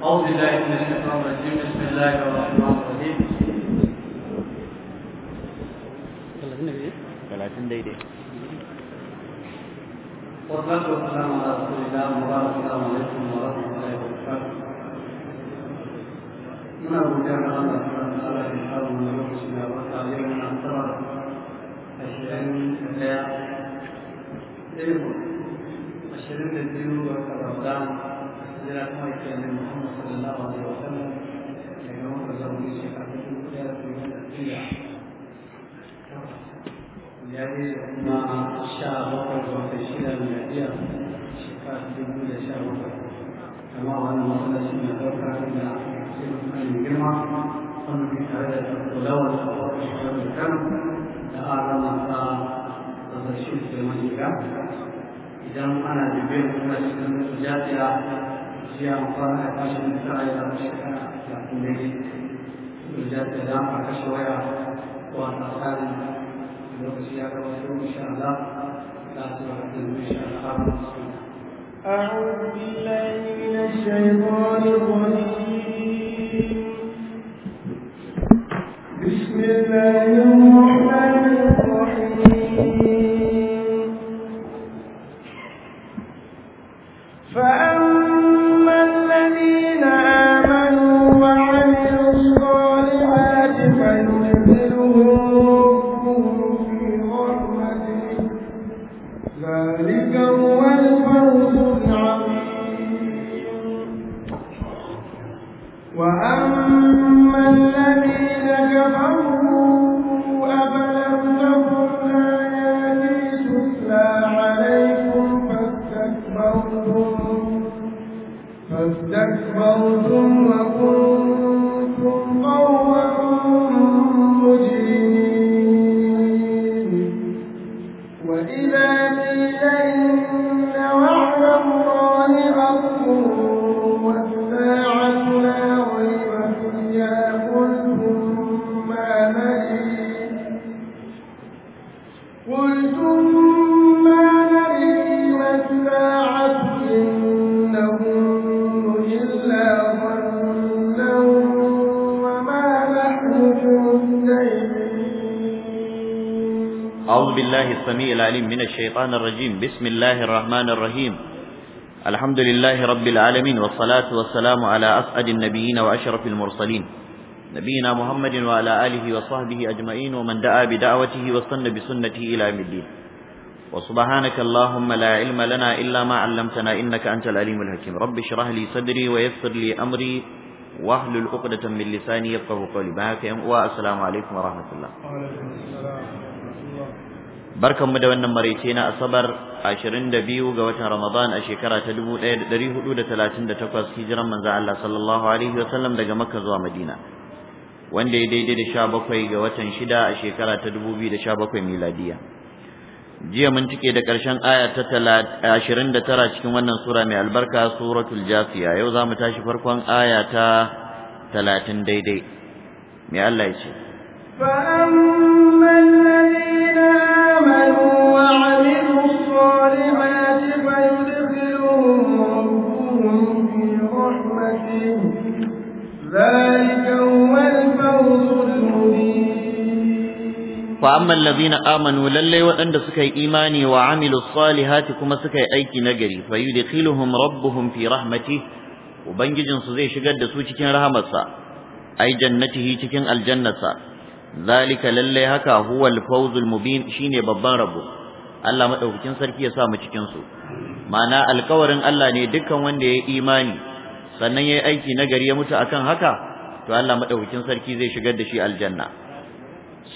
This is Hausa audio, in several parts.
أعوذ بالله من الشيطان الرجيم بسم الله الرحمن الرحيم ثلاثين دقيقة والصلاة والسلام على رسول الله مبارك السلام عليكم ورحمة الله وبركاته من أبو جهل الله سبحانه وتعالى في حال من يوحسن وتعالى من أنصار أشياء لا يعرف أشياء تدين وكرمدان جلال مالك أن محمد صلى الله عليه وسلم كان وكذا من الشيخ عبد الكتاب في من الأنبياء يعني ما الشعب وقف في شلال الأنبياء شفاء جميل شعب كما هو أن وصل سنة ذكر إلى سنة الجمعة قلنا في هذا الغلاوة والشعب الكم لأعلم أن تشوف في المنطقة إذا أنا جبين من الجاتية صيام طه 11 من الساعة إلى 11 ساعة في الليل وإيجاد كلام على الشوارع وأن أصحاب يوم السياق والصوم إن شاء الله أعوذ بالله من الشيطان الرجيم بسم الله الرحمن الرحيم السميع العليم من الشيطان الرجيم بسم الله الرحمن الرحيم الحمد لله رب العالمين والصلاة والسلام على أسعد النبيين وأشرف المرسلين نبينا محمد وعلى آله وصحبه أجمعين ومن دعا بدعوته وصن بسنته إلى يوم الدين وسبحانك اللهم لا علم لنا إلا ما علمتنا إنك أنت العليم الحكيم رب اشرح لي صدري ويسر لي أمري واهل الأقدة من لساني يبقى قولي بهاك والسلام عليكم ورحمة الله وعليكم السلام barkanmu da wannan maraice na asabar 22 ga watan ramadan a shekara ta 1438 hijiran manzo Allah sallallahu alaihi wa sallam daga makka zuwa madina wanda ya daidai da 17 ga watan 6 a shekara ta 2017 miladiya jiya mun cike da karshen aya ta 29 cikin wannan sura mai albarka suratul jafiya yau zamu tashi farkon aya ta 30 daidai mai Allah ya ce ربهم ذلك هو الفوز المبين فأما الذين آمنوا للي وأند سكي إيماني وعملوا الصالحات كما سكي أيكي نجري فيدخلهم ربهم في رحمته وبنججن سزي شقد سوچكين رحمتها أي جنته تكين الجنة ذلك للي هكا هو الفوز المبين شيني ببان ربه Allah madaukakin sarki ya sa mu cikin su ma'ana alƙawarin Allah ne dukkan wanda ya imani sannan yayi aiki na gari ya mutu akan haka to Allah madaukakin sarki zai shigar da shi aljanna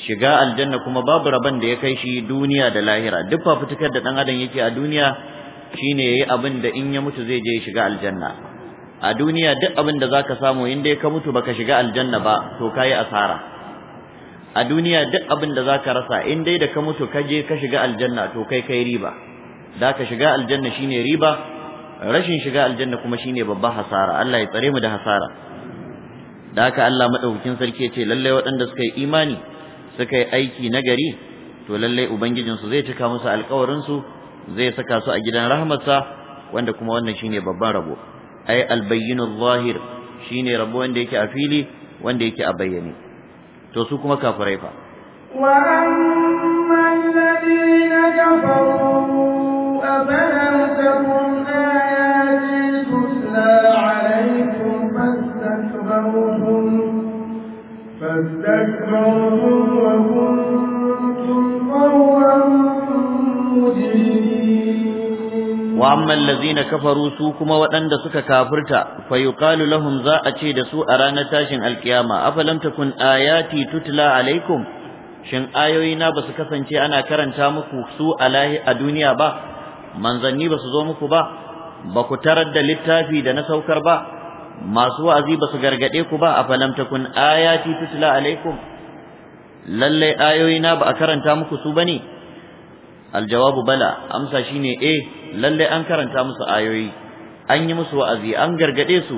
shiga aljanna kuma babu raban da ya kai shi duniya da lahira duk fafutukar da dan adam yake a duniya shine yayi abin da in ya mutu zai je shiga aljanna a duniya duk abin da zaka samu in dai ka mutu baka shiga aljanna ba to kai asara a duniya duk abin da zaka rasa in dai da ka mutu ka je ka shiga aljanna to kai kai riba da ka shiga aljanna shine riba rashin shiga aljanna kuma shine babban hasara Allah ya tsare mu da hasara da haka Allah madaukakin sarki ya ce lalle waɗanda suka yi imani suka yi aiki nagari to lalle ubangijin su zai cika musu alƙawarin su zai saka su a gidan rahmatsa wanda kuma wannan shine babban rabo ai albayyinu zahir shine rabo wanda yake a fili wanda yake a bayyane to su kuma kafirai fa wa amma allazina kafaru su kuma waɗanda suka kafirta fa lahum za a ce da su a ranar tashin alkiyama afalam takun ayati tutla alaikum shin ayoyi na basu kasance ana karanta muku su alahi a duniya ba manzanni basu zo muku ba ba ku tarar da littafi da na saukar ba masu wa'azi basu gargade ku ba afalam takun ayati tutla alaikum lalle ayoyi na ba a karanta muku su bane aljawabu bala amsa shine eh lalle an karanta musu ayoyi an yi musu wa'azi an gargade su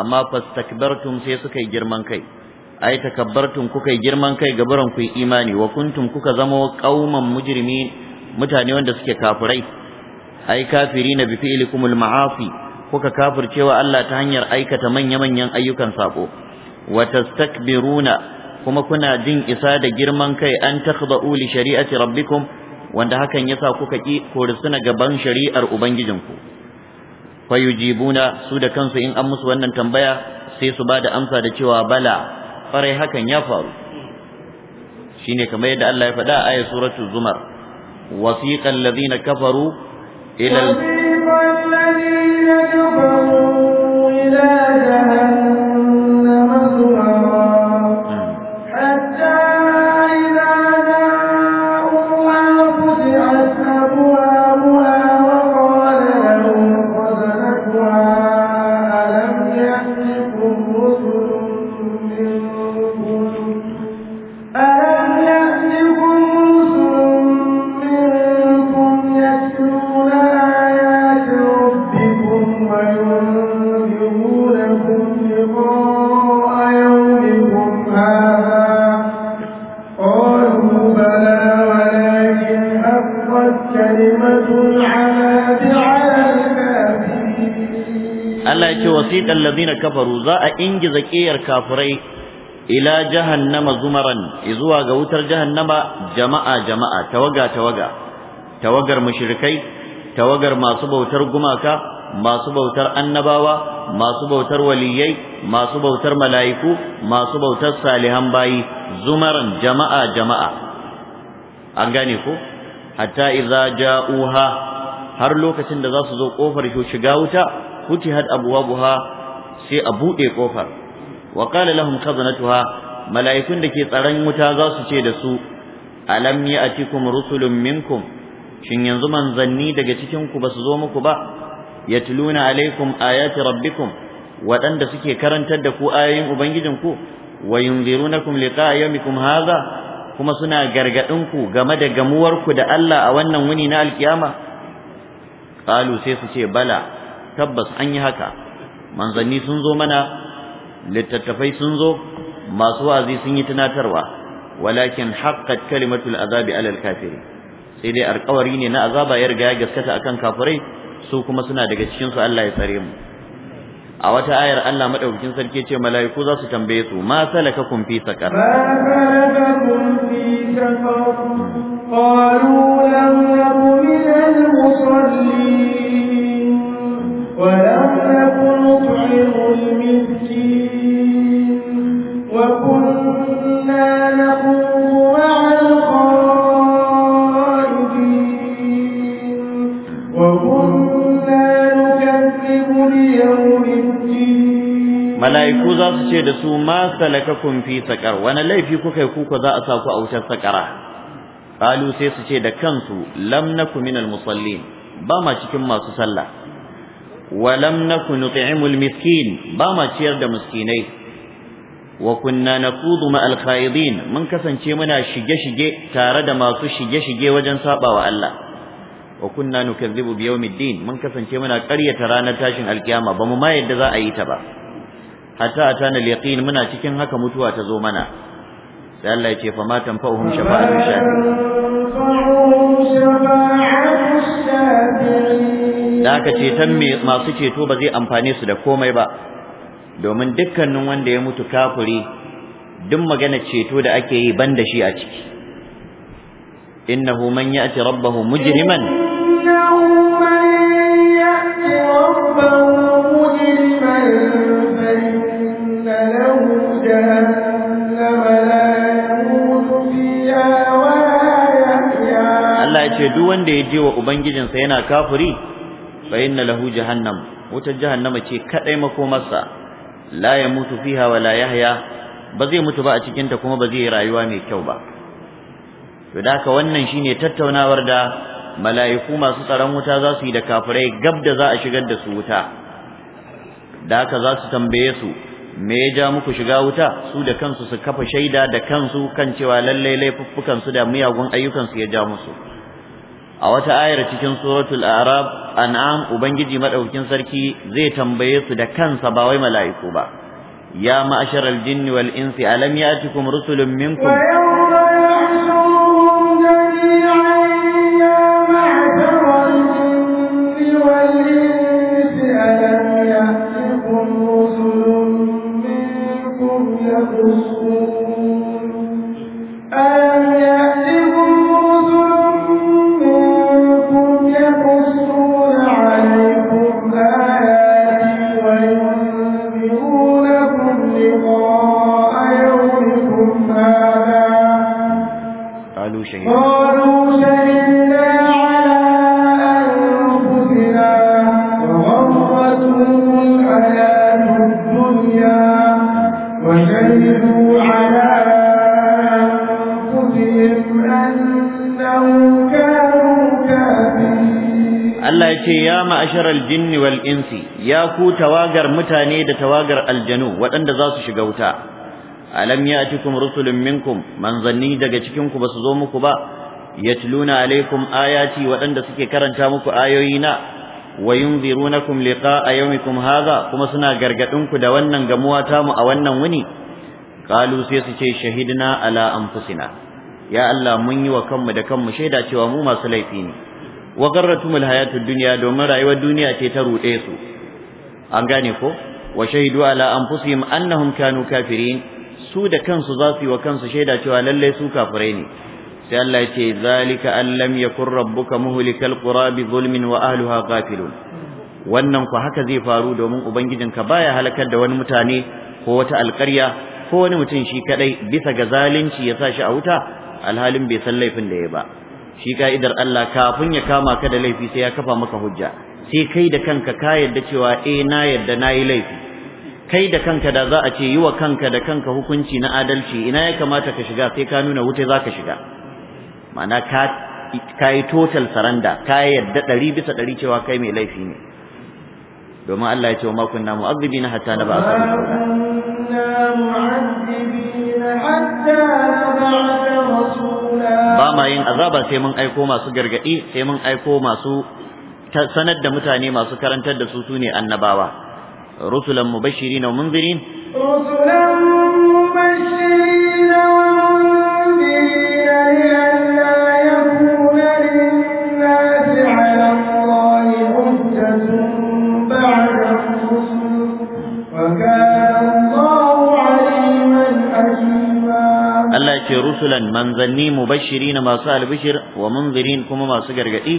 amma fastakbartum sai suka yi girman kai ai takabbartum kuka yi girman kai ga gabaran ku imani wa kuntum kuka zama qauman mujrimi mutane wanda suke kafirai ai kafirina bi fi'likumul ma'asi kuka kafircewa Allah ta hanyar aikata manya-manyan ayyukan sako wa tastakbiruna kuma kuna jin isa da girman kai an takhda'u li shari'ati rabbikum wanda hakan yasa kuka ki korisuna gaban shari'ar ubangijinku fayujibuna su da kansu in an musu wannan tambaya sai su bada amsa da cewa bala farai hakan ya faru shine kamar yadda Allah ya faɗa a ayat suratul zumar wasiqal ladina kafaru ila al-ladina kafaru nusuhiqal ladina kafaru za a ingiza kiyar kafirai ila jahannama zumaran zuwa ga wutar jahannama jama'a jama'a tawaga tawaga tawagar mushrikai tawagar masu bautar gumaka masu bautar annabawa masu bautar waliyai masu bautar mala'iku masu bautar salihan bayi zumaran jama'a jama'a an gane ko hatta idza ja'uha har lokacin da za su zo kofar shiga wuta futihat abwabuha sai a bude kofar wa qala lahum khazanatuha mala'ikun da ke tsaron wuta za su ce da su alam ya'tikum rusulun minkum shin yanzu manzanni daga cikin ku basu zo muku ba yatluna alaikum ayati rabbikum waɗanda suke karantar da ku ayoyin ku? wa yunzirunakum liqa'a yawmikum hadha kuma suna gargadin ku game da gamuwar ku da Allah a wannan wuni na alkiyama qalu sai su ce bala tabbas an yi haka manzanni sun zo mana littattafai sun zo masu wa'azi sun yi tunatarwa walakin haqqat kalimatul azabi alal kafiri sai dai alƙawari ne na azaba ya riga ya gaskata akan kafirai su kuma suna daga cikin su Allah ya tsare mu a wata ayar Allah madaukakin sarki ce mala'iku za su tambaye su ma salakakum fi saqar ma salakakum fi saqar qalu lam yakun min al-musallin ولا نكن نطعم المسكين وكنا نقوم مع الخائفين za su ce da su ma salakakum fi sakar, wani laifi kuka yi kuka za a sa ku a wutar sakara? qalu sai su ce da kansu lamna nakum minal musallin ba ma cikin masu sallah wa lam nakun nut'imul miskin ba ma ciyar da miskinai wa kunna naqudu ma al mun kasance muna shige shige tare da masu shige shige wajen sabawa Allah wa kunna nukazzibu bi yawmiddin mun kasance muna karyata ranar tashin alkiyama ba mu ma za a yi ta ba Hata atana al yaqin muna cikin haka mutuwa ta zo mana sai Allah ya ce fa ma tanfa'uhum shafa'atu shafi'in da aka ceton masu ceto ba zai amfane su da komai ba domin dukkanin wanda ya mutu kafuri duk magana ceto da ake yi ban shi a ciki innahu man ya'ti rabbahu mujriman Allah ya ce duk wanda ya je wa ubangijinsa yana kafuri fa inna lahu jahannam wutar jahannama ce kadai makomarsa la yamutu fiha wala yahya ba zai mutu ba a cikin ta kuma ba zai rayuwa mai kyau ba to da ka wannan shine tattaunawar da mala'iku masu tsaron wuta za su yi da kafirai gab da za a shigar da su wuta da ka za su tambaye su me ya ja muku shiga wuta su da kansu su kafa shaida da kansu kan cewa lallai laifuffukan su da miyagun ayyukan su ya ja musu a wata ayar cikin suratul arab an'am ubangiji madaukin sarki zai tambaye su da kansa ba wai mala'iku ba ya ma'asharal jinni wal insi alam ya'tikum rusulun minkum Thank you. ku tawagar mutane da tawagar aljanu waɗanda za su shiga wuta alam ya'tikum rusulun minkum manzanni daga cikin ku basu zo muku ba yatluna alaikum ayati waɗanda suke karanta muku ayoyina wa yunzirunakum liqa'a yawmikum hadha kuma suna gargadin ku da wannan gamuwa ta mu a wannan wuni qalu sai su ce shahidna ala anfusina ya Allah mun yi wa kanmu da kanmu shaida cewa mu masu laifi ne wa garratumul hayatud dunya domin rayuwar duniya ce ta ruɗe su an gane ko wa shahidu ala anfusihim annahum kanu kafirin su da kansu za su yi wa kansu shaida cewa lalle su kafirai ne sai Allah ya ce zalika an lam yakun rabbuka muhlikal qura bi zulmin wa ahliha ghafilun wannan ku haka zai faru domin ubangijinka baya halakar da wani mutane ko wata alƙarya ko wani mutum shi kadai bisa ga zalunci ya sa shi a wuta alhalin bai san laifin da ya ba shi ka'idar Allah kafin ya kama ka da laifi sai ya kafa maka hujja sai kai da kanka ka yarda cewa eh na yarda na yi laifi kai da kanka da za a ce yi wa kanka da kanka hukunci na adalci ina ya kamata ka shiga sai ka nuna wuta za ka shiga ma'ana ka kai yi total saranda ka yarda ɗari bisa ɗari cewa kai mai laifi ne domin Allah ya ce wa makon na hatta na hatta na ba a ba ma yin azaba sai mun aiko masu gargaɗi sai mun aiko masu sanar da mutane masu karantar da su sune annabawa rusulan mubashirin wa munzirin rusulan mubashirin ce rusulan manzanni mubashirin masu albishir wa munzirin kuma masu gargadi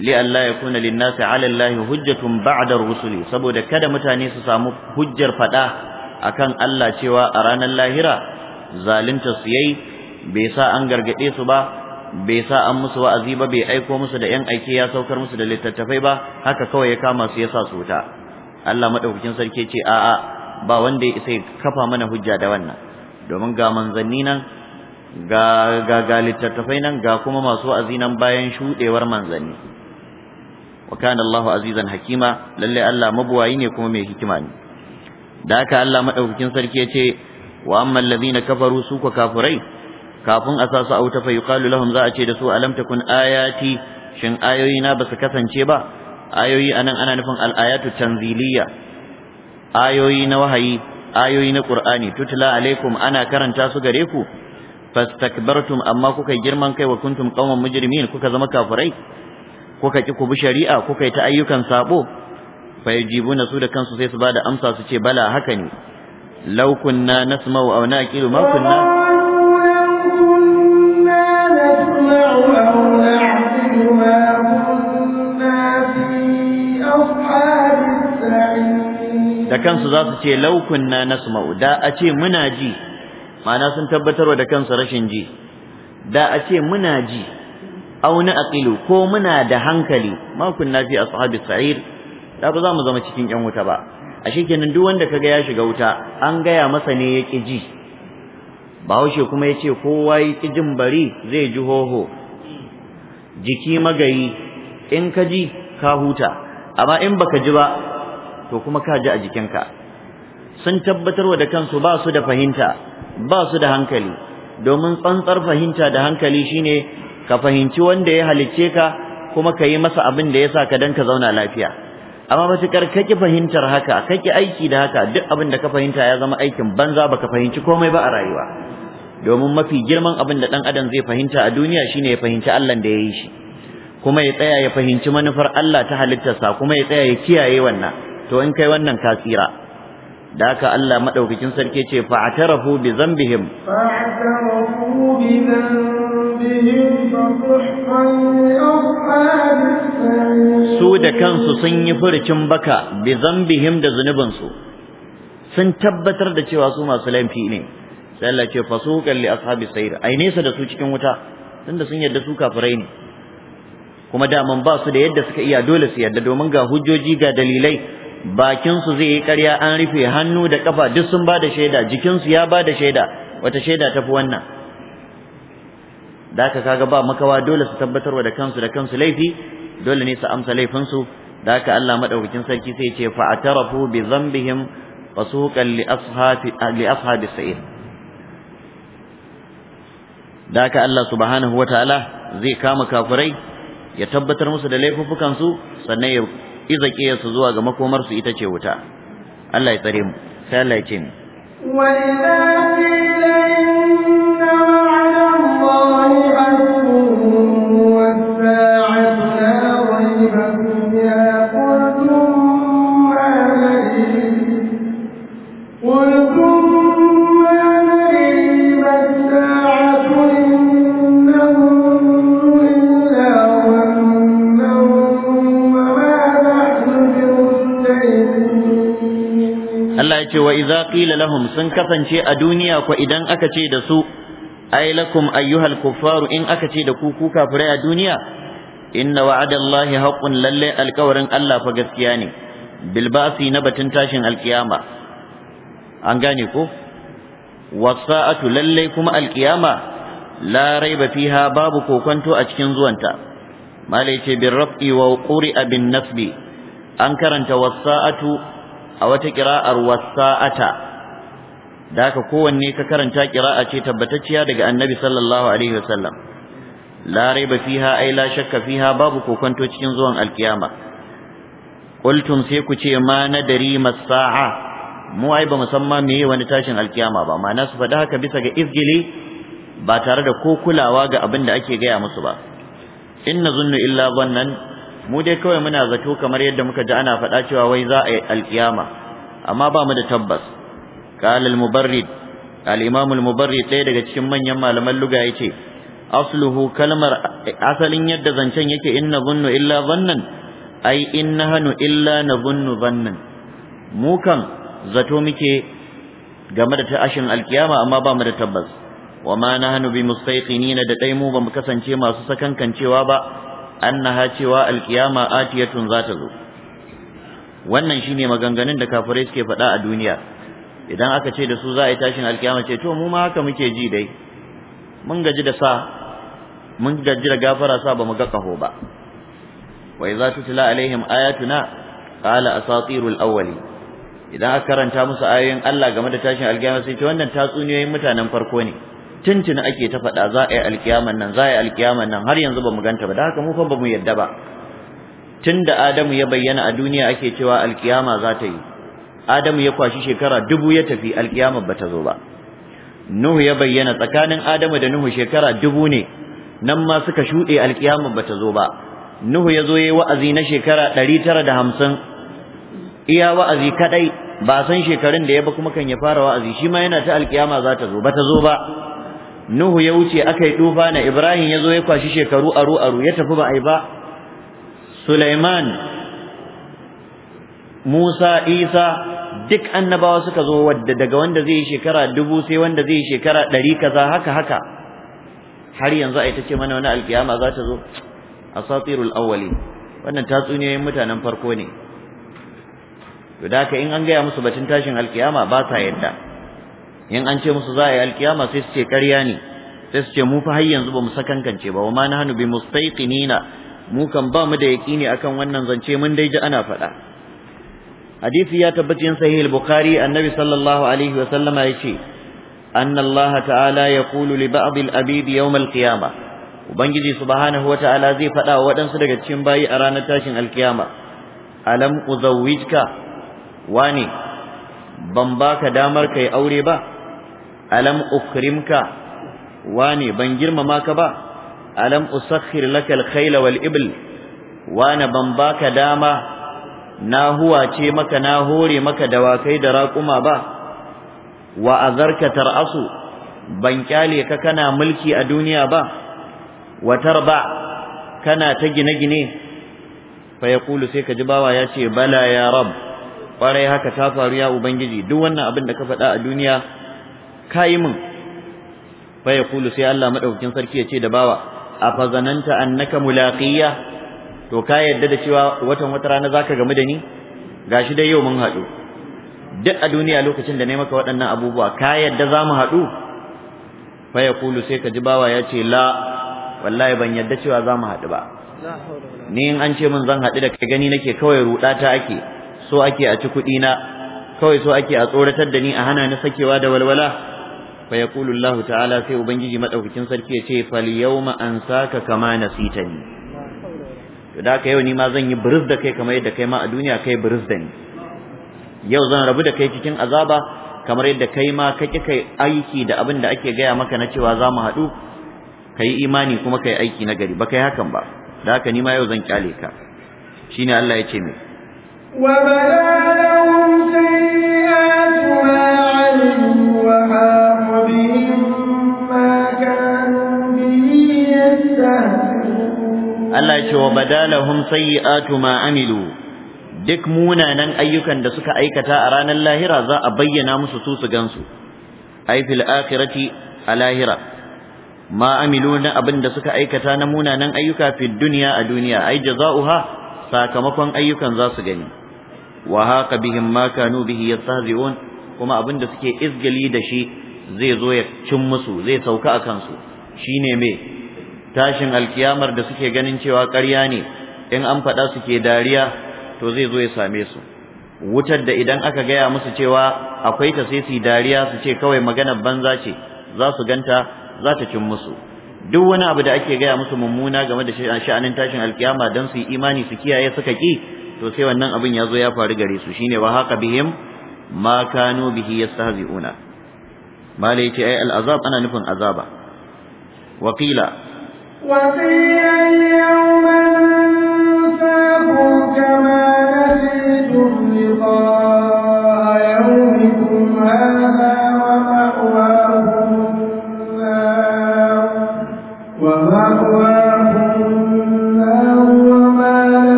li alla yakuna lin nasi ala allahi hujjatun ba'da rusuli saboda kada mutane su samu hujjar fada akan Allah cewa a ranar lahira zalunta su yayi bai sa an gargade su ba bai sa an musu wa'azi ba bai aiko musu da yan aike ya saukar musu da littattafai ba haka kawai ya kama su yasa su wuta Allah madaukakin sarki ce a'a ba wanda ya isa kafa mana hujja da wannan domin ga manzanni nan ga ga ga littattafai nan ga kuma masu wa'azi nan bayan shudewar manzanni wa kana azizan hakima lallai Allah mabuwayi ne kuma mai hikima ne da haka Allah madaukakin sarki ya ce wa na ladina kafaru su ka kafirai kafin a sa su auta fa yuqalu lahum za a ce da su alam kun ayati shin ayoyi na basu kasance ba ayoyi anan ana nufin al ayatu tanziliya ayoyi na wahayi ayoyi na qur'ani tutula alaikum ana karanta su gare ku fastakbartum amma kuka girman kai wa kuntum qauman mujrimin kuka zama kafurai? ka ki ku bi shari'a ko kai ta ayyukan sabo fa yajibuna su da kansu sai su bada amsa su ce bala haka ne law kunna nasma'u aw naqilu ma kunna da kansu za su ce law kunna nasma'u da a ce muna ji ma'ana sun tabbatarwa da kansu rashin ji da a ce muna ji aw naqilu ko muna da hankali ma kunna fi ashabi sa'ir da ba za mu zama cikin yan wuta ba a kenan duk wanda kaga ya shiga wuta an gaya masa ne yake ji bahaushe kuma yace kowa yake jin bari zai ji hoho jiki magayi in ka ji ka huta amma in baka ji ba to kuma ka ji a jikinka sun tabbatarwa da kansu ba su da fahimta ba su da hankali domin tsantsar fahimta da hankali shine ka fahimci wanda ya halicce ka kuma ka yi masa abin da ya sa ka dan ka zauna lafiya amma matukar kake fahimtar haka kake aiki da haka duk abin da ka fahimta ya zama aikin banza baka fahimci komai ba a rayuwa domin mafi girman abin da dan adam zai fahimta a duniya shine ya fahimci Allah da ya yi shi kuma ya tsaya ya fahimci manufar Allah ta halittarsa kuma ya tsaya ya kiyaye wannan to in kai wannan ka tsira da haka Allah madaukakin sarki ce fa'tarafu bi dhanbihim fa'tarafu bi su da kansu sun yi furucin baka bi zambihim da zunubinsu sun tabbatar da cewa su masu laifi ne sai Allah ce fasuqan li ashabi sayr ai nesa da su cikin wuta tunda sun yadda su kafirai ne kuma daman ba su da yadda suka iya dole su yadda domin ga hujjoji ga dalilai bakin su zai yi ƙarya an rufe hannu da kafa duk sun ba da shaida jikin su ya ba da shaida wata shaida tafi wannan da haka kaga ba makawa dole su tabbatarwa da kansu da kansu laifi dole ne su amsa laifinsu da haka Allah madaukakin sarki sai ce fa atarafu bi dhanbihim fasuqan li ashabi li ashabi sa'ir da haka Allah subhanahu wataala zai kama kafirai ya tabbatar musu da laifukan su sannan ya izake su zuwa ga makomar su ita ce wuta Allah ya tsare mu sai Allah ya ce mu وإذا قيل إن وعد الله حق ce wa idza qila lahum sun kasance a duniya ko idan aka ce da su ay lakum ayyuhal kuffaru in aka ce da ku ku kafirai a duniya inna wa'adallahi haqqun lalle alkawarin Allah fa gaskiya ne bil ba'si na batun tashin alkiyama an gane ko wasa'atu lalle kuma alkiyama la raiba fiha babu kokonto a cikin zuwanta malai ce bin raf'i wa quri'a bin nasbi an karanta wasa'atu a wata ƙira'ar wasa'ata da haka kowanne ka karanta ƙira'a ce tabbatacciya daga annabi sallallahu alaihi wasallam la raiba fiha ai la shakka fiha babu kokonto cikin zuwan alkiyama qultum sai ku ce ma nadari masa'a mu ai ba musamman yi wani tashin alkiyama ba ma'ana su faɗi haka bisa ga izgili ba tare da ko kulawa ga abin da ake gaya musu ba in na zunnu illa wannan mu dai kawai muna zato kamar yadda muka ji ana faɗa cewa wai za a yi alƙiyama amma ba mu da tabbas qala al-mubarrid al-imam al-mubarrid ɗaya daga cikin manyan malaman luga yace asluhu kalmar asalin yadda zancen yake inna zunnu illa zannan ai inna hanu illa nazunnu zannan mu kan zato muke game da tashin alkiyama amma ba mu da tabbas wa ma nahnu bi mustayqinin da dai mu ba mu kasance masu sakankancewa ba annaha cewa alkiyama atiyatun za ta zo wannan shine maganganun da kafirai suke faɗa a duniya idan aka ce da su za a yi tashin alkiyama ce to mu ma haka muke ji dai mun gaji da sa mun gaji da gafara sa ba mu ga kaho ba wa idza tutla alaihim ayatuna qala asatirul awwali idan aka karanta musu ayoyin Allah game da tashin alkiyama sai ce wannan tatsuniyoyin mutanen farko ne tuntuna ake ta faɗa za a yi alkiyaman nan za a yi alkiyaman nan har yanzu ba ganta ba da haka mu fa bamu mu yadda ba tun da Adamu ya bayyana a duniya ake cewa alkiyama za ta yi Adamu ya kwashi shekara dubu ya tafi alkiyama ba ta zo ba Nuhu ya bayyana tsakanin Adamu da Nuhu shekara dubu ne nan ma suka shuɗe alkiyama ba ta zo ba Nuhu ya zo ya yi wa'azi na shekara ɗari tara da hamsin iya wa'azi kaɗai ba san shekarun da ya ba kuma kan ya fara wa'azi shi ma yana ta alkiyama za ta zo ba ta zo ba Nuhu ya wuce aka yi na Ibrahim ya zo ya kwashi shekaru aru aru ya tafi ba a yi ba Sulaiman Musa Isa duk annabawa suka zo wadda daga wanda zai yi shekara dubu sai wanda zai yi shekara ɗari kaza haka haka har yanzu a ita ce mana wani alkiyama za ta zo asatirul awwali wannan tatsuniyoyin mutanen farko ne to da haka in an gaya musu batun tashin alkiyama ba sa yadda in an ce musu za a yi alkiyama sai su ce ƙarya ne sai su ce mu fa har yanzu ba mu sakankance ba wa ma nahnu bi mustaiqinina mu kan ba mu da ne akan wannan zance mun dai ji ana faɗa hadisi ya tabbata yin sahih al-bukhari annabi sallallahu alaihi wa sallama yace anna ta'ala yaqulu li ba'd al-abid yawm al-qiyama ubangiji subhanahu wa ta'ala zai faɗa wa waɗansu daga cikin bayi a ranar tashin alkiyama alam uzawwijka wani ban baka damar kai aure ba alam ukrimka wane ban girmama ka ba alam usakhir laka alkhayla wal ibl wane ban baka dama na huwace maka na hore maka dawakai da raƙuma ba wa azarka tar'asu ban kyale ka kana mulki a duniya ba wa tarba kana ta gine-gine fa yaqulu sai ka ji bawa ya ce bala ya rab kwarai haka ta faru ya ubangiji duk wannan abin da ka faɗa a duniya kai min fa yaqulu sai Allah madaukin sarki ya ce da bawa a fazananta annaka mulaqiya to ka yadda da cewa watan wata rana zaka gamu da ni gashi dai yau mun haɗu duk a duniya lokacin da nayi maka waɗannan abubuwa ka yadda za mu haɗu fa yaqulu sai ka ji bawa ya ce la wallahi ban yadda cewa za mu haɗu ba ni in an ce min zan haɗu da kai gani nake kawai rudata ta ake so ake a ci kuɗi na kawai so ake a tsoratar da ni a hana ni sakewa da walwala fa yaqulu Allah ta'ala sai ubangiji madaukakin sarki ya ce fal yawma ansaka kama nasitani to da ka yau ni ma zan yi buruz da kai kamar yadda kai ma a duniya kai buruz da ni yau zan rabu da kai cikin azaba kamar yadda kai ma kake kai aiki da abin da ake gaya maka na cewa za mu haɗu ka imani kuma ka aiki na gari ba kai hakan ba da haka ni ma yau zan kyale ka shine Allah ya ce mai wa bala ya sayyi'atu ma Allah ya ce wa badalahum sayyi'atu ma amilu duk munanan ayyukan da suka aikata a ranar lahira za a bayyana musu su su gansu ai fil akhirati a lahira ma amilu na abin da suka aikata na munanan ayyuka fi duniya a duniya ai jaza'uha sakamakon ayyukan za su gani wa haqa bihim ma kanu bihi yastahzi'un kuma abin da suke izgali da shi zai zo ya cin musu zai sauka a kansu shine me tashin alkiyamar da suke ganin cewa ƙarya ne in an faɗa suke dariya to zai zo ya same su wutar da idan aka gaya musu cewa akwai ta sai su dariya su ce kawai maganar banza ce za su ganta za ta cin musu duk wani abu da ake gaya musu mummuna game da sha'anin tashin alkiyama don su yi imani su kiyaye suka ki to sai wannan abin ya zo ya faru gare su shine wa haka bihim ma kanu bihi yastahzi'una malai ce ai al'azab ana nufin azaba wa qila وقيل اليوم ننساكم كما نسيتم يومكم هذا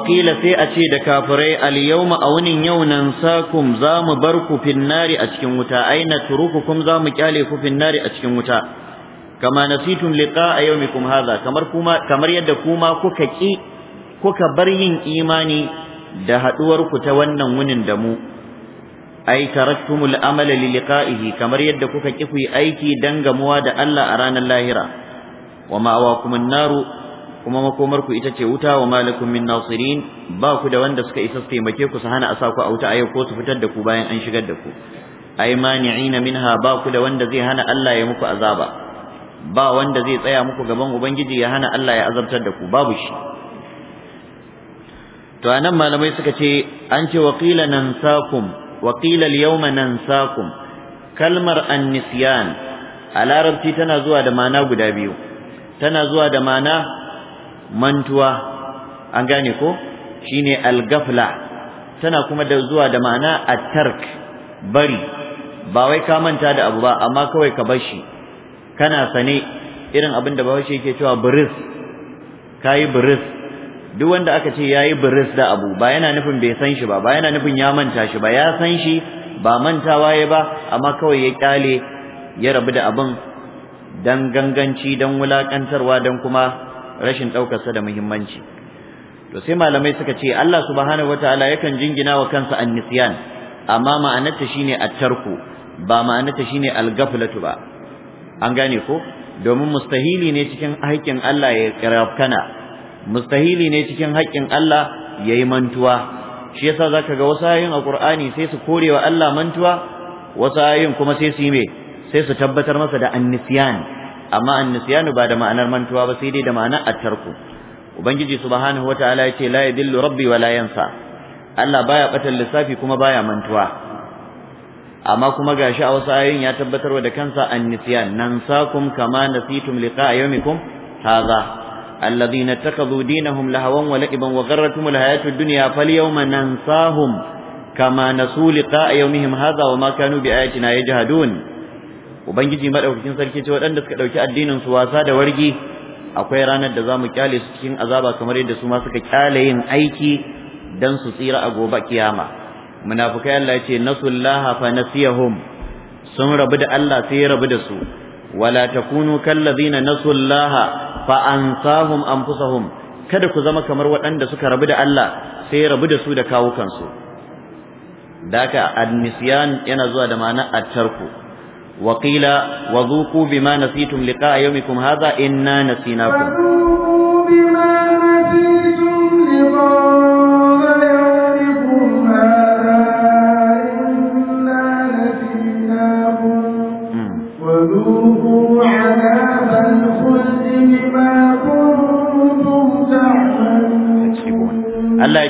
waƙila sai a ce da kafirai alyawma a wunin yau nan sakum za mu bar ku finnari a cikin wuta aina turukukum za mu kyale ku finnari a cikin wuta kama nasitum liqa'a yawmikum hadha kamar kuma kamar yadda kuma kuka ki kuka bar yin imani da haɗuwarku ku ta wannan wunin da mu ai taraktumul amala li liqa'ihi kamar yadda kuka ki ku aiki dan gamuwa da Allah a ranar lahira wa naru kuma makomar ku ita ce wuta wa malakum min nasirin ba ku da wanda suka isa su taimake ku su hana a sa ku a wuta a yau ko su fitar da ku bayan an shigar da ku ai mani'ina minha ba ku da wanda zai hana Allah ya muku azaba ba wanda zai tsaya muku gaban ubangiji ya hana Allah ya azabtar da ku babu shi to anan malamai suka ce an ce waqila nansakum waqila al nansakum kalmar an-nisyan a larabci tana zuwa da mana guda biyu tana zuwa da mana mantuwa an gane ko shine al-ghafla tana kuma da zuwa da ma'ana at-tark bari ba wai ka manta da abu ba amma kawai ka bar shi kana sane irin abin da yake cewa buris kayi buris duk wanda aka ce yayi buris da abu ba yana nufin bai san shi ba ba yana nufin ya manta shi ba ya san shi ba mantawa ya ba amma kawai ya kyale ya rabu da abin dan ganganci dan wulakantarwa dan kuma rashin ɗaukarsa da muhimmanci to sai malamai suka ce Allah subhanahu wataala yakan jingina wa kansa annisyan amma ma'anarta shine at-tarku ba ma'anarta shine al-ghaflatu ba an gane ko domin mustahili ne cikin haƙƙin Allah ya kirafkana mustahili ne cikin haƙƙin Allah yayi mantuwa shi yasa zaka ga wasu ayoyin alqur'ani sai su korewa Allah mantuwa wasu ayoyin kuma sai su yi me sai su tabbatar masa da annisyan amma an-nisyanu ba da ma'anar mantuwa ba sai dai da ma'anar at ubangiji subhanahu wataala yace la yadillu rabbi wa yansa Allah baya batal lissafi kuma baya mantuwa amma kuma gashi a wasu ayoyin ya tabbatar da kansa an-nisyan nansakum kama nasitum liqa'a yawmikum hadha الذين اتخذوا دينهم لهوا ولعبا وغرتهم الحياة الدنيا فاليوم ننساهم كما نسوا لقاء يومهم هذا وما كانوا بآياتنا يجهدون ubangiji madaukakin sarki ce waɗanda suka dauki addinin su wasa da wargi akwai ranar da za mu kyale su cikin azaba kamar yadda su ma suka kyale yin aiki dan su tsira a gobe kiyama munafikai Allah ya ce nasullaha fa nasiyahum sun rabu da Allah sai ya rabu da su wala takunu kallazina nasullaha fa ansahum anfusahum kada ku zama kamar waɗanda suka rabu da Allah sai ya rabu da su da kawukan kawukansu daka annisyan yana zuwa da ma'ana tarku وقيل وذوقوا بما نسيتم لقاء يومكم هذا إنا نسيناكم وذوقوا بما نسيتم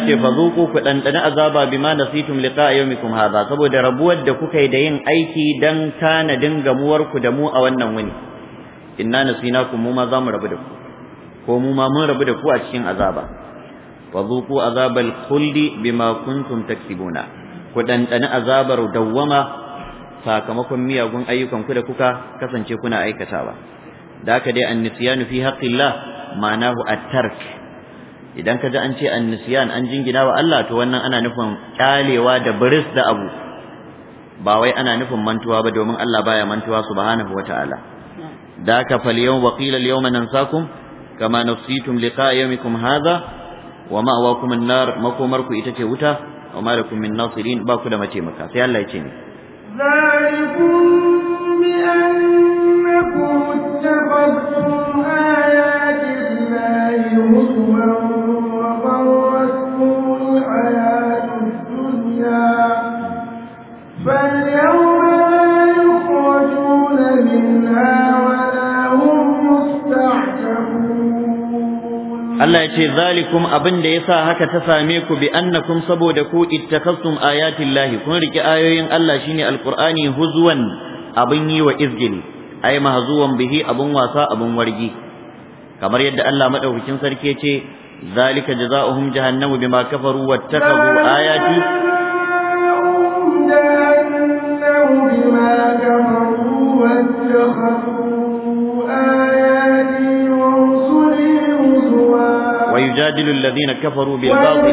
yace fazuqu ku dandana azaba bima nasitum liqa'a yawmikum hadha saboda rabuwar da kuka yi da yin aiki dan tanadin gamuwar ku da mu a wannan wuni inna nasinakum mu ma zamu rabu da ku ko mu ma mun rabu da ku a cikin azaba fazuqu azabal khuldi bima kuntum taksibuna ku dandana azabar dawwama sakamakon miyagun ayyukan ku da kuka kasance kuna aikatawa da haka dai an-nisyanu fi haqqillah ma'anahu at-tark idan ka ji an ce an nisiyan an jingina wa Allah to wannan ana nufin kyalewa da biris da abu ba wai ana nufin mantuwa ba domin Allah baya mantuwa subhanahu wataala da ka fal yau wa qila al yawma nansakum kama nusitum liqa yawmikum hadha wa ma'wakum an nar makomarku ita ce wuta wa ma lakum min nasirin ba ku da mace maka sai Allah ya ce ni zalikum bi annakum اتخذتم آيات الله هزوا Allah ya ce zalikum abin da yasa haka ta same ku bi annakum saboda ku ittakastum ayatin lahi kun riki ayoyin Allah shine alqur'ani huzwan abin yi wa izgili ay mahzuwan bihi abin wasa abin wargi kamar yadda Allah madaukakin sarki ya ce zalika jazaohum jahannamu bima kafaru wattakabu ayati الذين كفروا بالباطل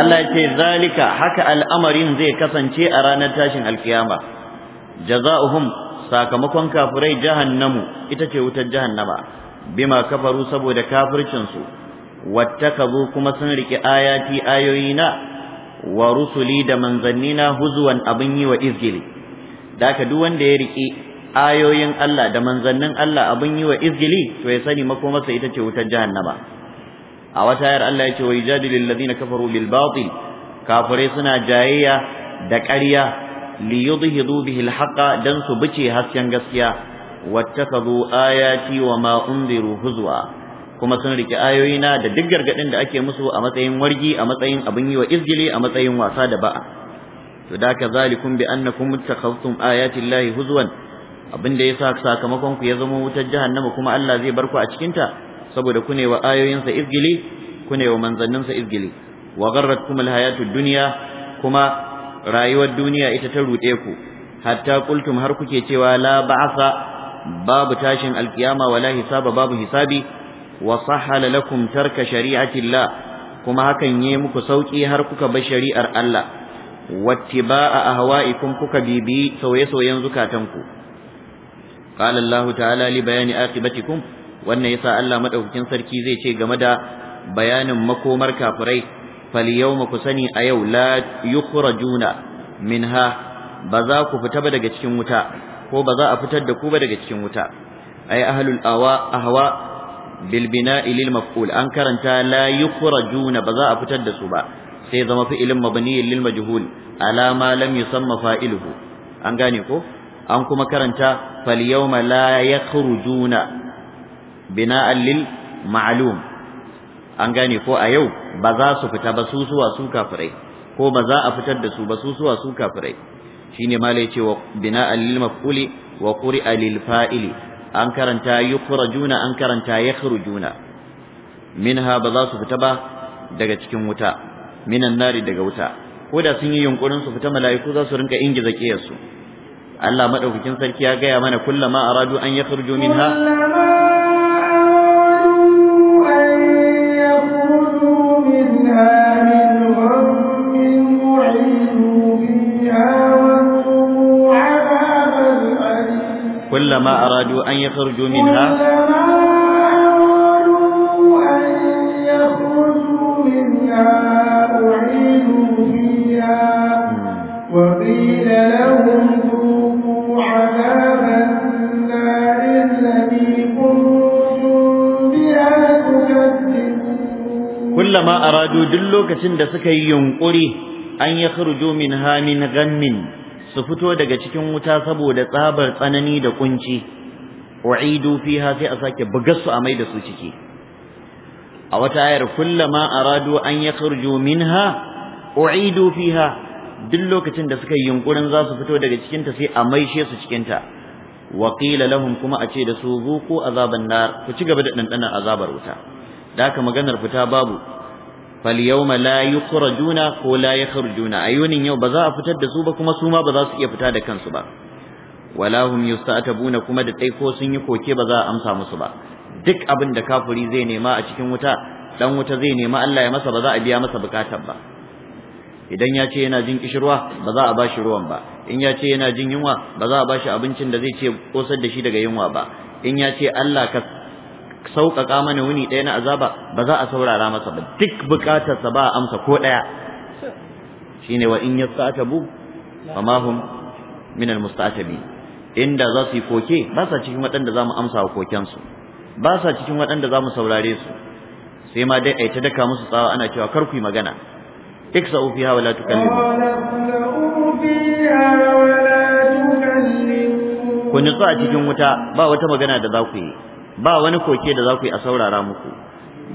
Allah ce zalika haka al'amarin zai kasance a ranar tashin alkiyama jaza'uhum sakamakon kafurai, jahannamu ita ce wutar jahannama bima kafaru saboda kafircin su wattakazu kuma sun riki ayati ayoyina wa rusuli da manzannina huzuwan abin yi wa izgili daka duk wanda ya riki ayoyin Allah da manzannin Allah abun yiwa wa to ya sani makomarsa ita ce wutar jahannama a wata 'yar Allah ya ce wa yujadilul ladina kafaru bil batil kafirai suna jayayya da ƙarya li yudhidu bihi al dan su bice hasken gaskiya wattakazu ayati wa ma unziru kuma sun rike ayoyina da duk gargadin da ake musu a matsayin wargi a matsayin abin yi wa izgili a matsayin wasa da ba'a to da ka zalikum bi annakum muttakhaftum ayati llahi huzwan abin da yasa sakamakon ku ya zama wutar jahannama kuma Allah zai bar ku a cikin ta saboda ku ne wa ayoyinsa izgili ku ne wa manzanninsa izgili wa gharratkum alhayatud dunya kuma rayuwar duniya ita ta ruɗe ku hatta qultum har kuke cewa la ba'asa babu tashin alkiyama wala hisaba babu hisabi wa sahhala lakum tarka shari'atillah kuma hakan yi muku sauki har kuka bar shari'ar Allah wattiba'a ahwa'ikum kuka bibi sauye-sauyen zukatanku qala Allah ta'ala li bayani aqibatikum wannan yasa Allah madaukakin sarki zai ce game da bayanin makomar kafirai fal yawma kusani a yau la yukhrajuna minha ba za ku fita ba daga cikin wuta ko ba za a fitar da ku ba daga cikin wuta ai ahlul awa ahwa bil bina'i lil maf'ul an karanta la yukhrajuna ba za a fitar da su ba sai zama fi'ilin mabniyyin lil majhul ala ma lam yusamma fa'iluhu an gane ko an kuma karanta fal yawma la yakhrujuna bina'an lil ma'lum an gane ko a yau ba za su fita ba su zuwa su kafirai ko ba za a fitar da su ba su zuwa su kafirai shine malai cewa bina'an lil maf'uli wa quri'a lil fa'ili an karanta yukhrajuna an karanta yakhrujuna minha ba za su fita ba daga cikin wuta minan nari daga wuta ko da sun yi yunkurin su fita mala'iku za su rinka ingiza kiyarsu Allah madaukakin sarki ya gaya mana kullama aradu an yakhruju minha kullama aradu an yakhruju minha كلما أرادوا أن يخرجوا منها وقيل لهم ذوقوا عذاب النار الذي كنتم بها تكذبون كلما أرادوا دلوكة سند سكي ينقري أن يخرجوا منها من غم su fito daga cikin wuta saboda tsabar tsanani da kunci wa'idu fiha sai a sake buga su a mai da su ciki a wata ayar kullama aradu an ya kharju minha u'idu fiha duk lokacin da suka yi yunkurin za su fito daga cikin ta sai a maishe su cikin ta wa qila lahum kuma a ce da su zuqu azaban nar ku ci gaba da dandanar azabar wuta da haka maganar fita babu fal yawma la yukhrajuna ko la yakhrujuna Yunin yau ba za a fitar da su ba kuma su ma ba za su iya fita da kansu ba wala hum yusta'tabuna kuma da tsaiko sun yi koke ba za a amsa musu ba duk abin da kafiri zai nema a cikin wuta dan wuta zai nema Allah ya masa ba za a biya masa bukatar ba idan ya ce yana jin kishirwa ba za a ba shi ruwan ba in ya ce yana jin yunwa ba za a ba shi abincin da zai ce kosar da shi daga yunwa ba in ya ce Allah ka sauƙaƙa mana wuni ɗaya na azaba ba za a saurara masa ba duk buƙatarsa ba a amsa ko ɗaya ne wa in ya bu ba ma hun min almusta'tabin inda za su yi koke ba sa cikin waɗanda za mu amsa wa kokensu ba sa cikin waɗanda za mu saurare su sai ma dai aita daka musu tsawa ana cewa kar ku yi magana iksa'u ufi hawa la tukallimu ku nutsu a cikin wuta ba wata magana da za ku yi ba wani koke da za ku yi a saurara muku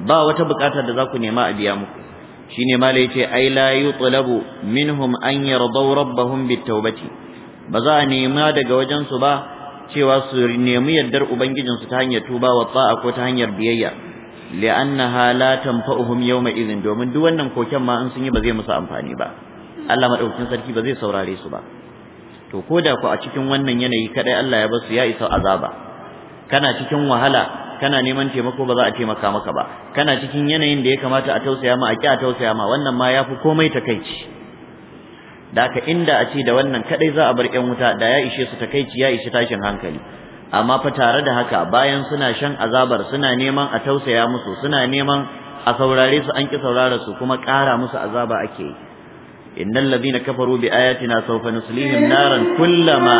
ba wata bukatar da za ku nema a biya muku shine mala ce, ai la yutlabu minhum an yardau rabbahum bitawbati ba za a nema daga wajen su ba cewa su nemi yardar ubangijin su ta hanyar tuba wa ta'a ko ta hanyar biyayya li'annaha la tanfa'uhum yawma idhin domin duk wannan koken ma in sun yi ba zai musu amfani ba Allah madaukakin sarki ba zai saurare su ba to koda ku a cikin wannan yanayi kadai Allah ya basu ya isa azaba kana cikin wahala kana neman taimako ba za a taimaka maka ba kana cikin yanayin da ya kamata a tausaya ma a ƙi a tausaya ma wannan ma yafi komai takaici da inda a ce da wannan kadai za a bar ƴan wuta da ya ishe su takaici ya ishe tashin hankali amma fa tare da haka bayan suna shan azabar suna neman a tausaya musu suna neman a saurare su an ki saurara su kuma ƙara musu azaba ake yi innal ladina kafaru bi ayatina sawfa nuslihim naran kullama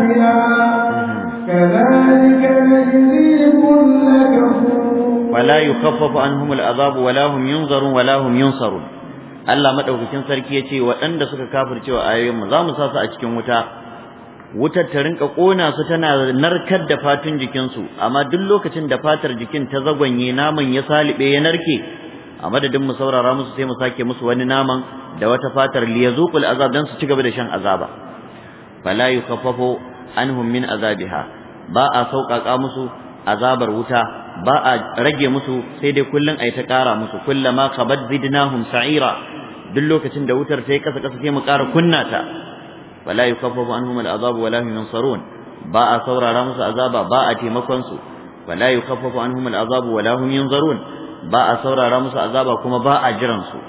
فلا يخفف عنهم العذاب ولا هم ينظرون ولا هم ينصرون Allah maɗaukacin sarki yace waɗanda suka kafirce wa ayoyin mu zamu sasu a cikin wuta wutar ta rinka kona su tana narkar da fatun jikin su amma duk lokacin da fatar jikin ta zagwanye naman ya salibe ya narke a madadin mu saurara musu sai mu sake musu wani naman da wata fatar liyazuqul azab dan su ci gaba da shan azaba fala yukhaffafu anhum min azabiha ba a sauƙaƙa musu azabar wuta ba a rage musu sai dai kullun ai ta ƙara musu kullama kabad zidnahum sa'ira duk lokacin da wutar ta yi kasa kasa sai mu ƙara kunna ta wala yukaffafu anhum al'azab wala hum yunsarun ba a saurara musu azaba ba a taimakon su wala yukaffafu anhum al'azab wala hum yunzarun ba a saurara musu azaba kuma ba a jiran su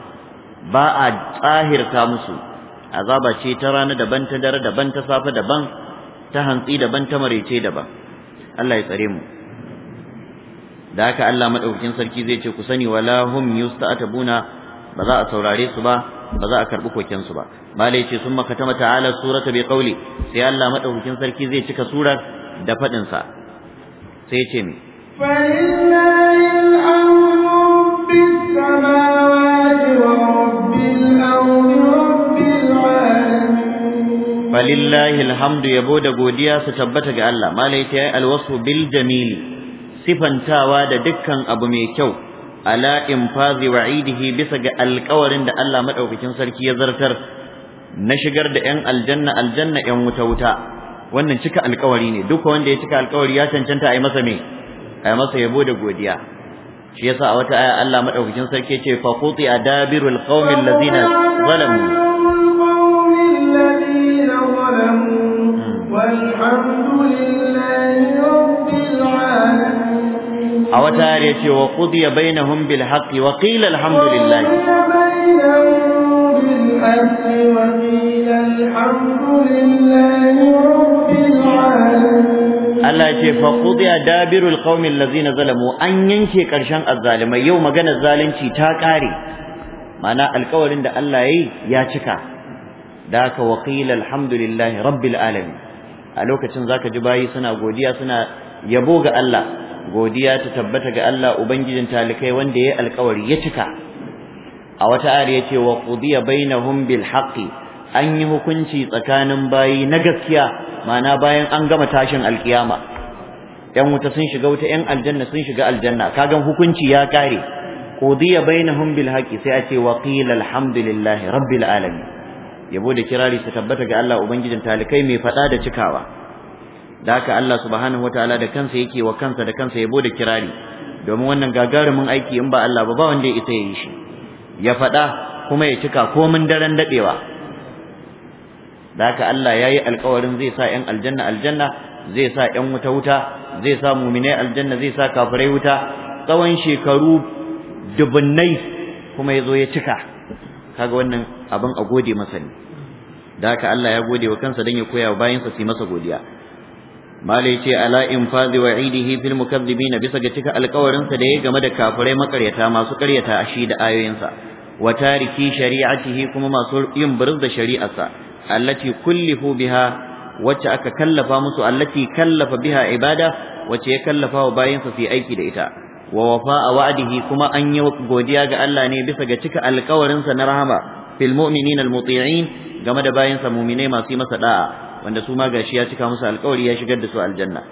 ba a tsahirta musu azaba ce ta rana daban ta dare daban ta safe daban ta hantsi daban ta marece daban Allah ya tsare mu da haka Allah madaukakin sarki zai ce ku sani wala hum yusta'tabuna ba za a saurare su ba ba za a karbi koken su ba malai ce summa katama ta'ala surata bi qawli sai Allah madaukakin sarki zai cika surar da fadin sa sai ya ce ni falillahi al-amru bis samawati wa rabbil ardi rabbil alamin alhamdu yabo da godiya su tabbata ga Allah malai ta yi alwasu bil jamili sifantawa da dukkan abu mai kyau ala infazi wa'idihi bisa ga alƙawarin da Allah madaukakin sarki ya zartar na shigar da ƴan aljanna aljanna ƴan wuta wuta wannan cika alƙawari ne duk wanda ya cika alƙawari ya cancanta a yi masa me a yi masa yabo da godiya shi yasa a wata aya Allah madaukakin sarki ya ce fa quti adabirul qaumil ladzina zalamu والحمد لله رب العالمين a wata har yace wa qudiya bainahum bil haqqi wa qila alhamdulillah Allah ce fa qudiya dabirul qaumi allazina zalamu an yanke ƙarshen azzalimai yau maganar zalunci ta ƙare. mana alkawarin da Allah yayi ya cika da ka wa qila alhamdulillahi rabbil alamin a lokacin zaka ji bayi suna godiya suna yabo ga Allah godiya ta tabbata ga Allah ubangijin talikai wanda yayi alƙawari ya cika a wata ayar yace wa qudiya bainahum bil haqqi an yi hukunci tsakanin bayi na gaskiya ma'ana bayan an gama tashin alkiyama yan wuta sun shiga wuta yan aljanna sun shiga aljanna kagan hukunci ya kare qudiya bainahum bil haqqi sai a ce wa qila alhamdulillahi rabbil alamin yabo da kirari ta tabbata ga Allah ubangijin talikai mai fada da cikawa da haka Allah subhanahu wataala da kansa yake wa kansa da kansa yabo da kirari domin wannan gagarumin aiki in ba Allah ba ba wanda ya isa ya yi shi ya faɗa kuma ya cika komin daren daɗewa da haka Allah ya yi alkawarin zai sa 'yan aljanna aljanna zai sa 'yan wuta wuta zai sa muminai aljanna zai sa kafirai wuta tsawon shekaru dubunnai kuma yazo ya cika kaga wannan abin a gode masa ne da haka Allah ya gode wa kansa don ya koya wa bayansa su yi masa godiya malai ce ala wa wa'idihi fil mukazzibina bisa ga cika sa da ya game da kafirai makaryata masu karyata a shi da ayoyinsa wa tariki shari'atihi kuma masu yin burz da shari'arsa allati kullifu biha wacce aka kallafa musu allati kallafa biha ibada wacce ya kallafa wa bayansa su aiki da ita wa wafa'a wa'dihi kuma an yi godiya ga Allah ne bisa ga cika sa na rahama fil mu'minina al-muti'in game da bayansa mu'minai masu yi masa da'a wanda su ma gashi ya cika musu alƙawari ya shigar da su aljanna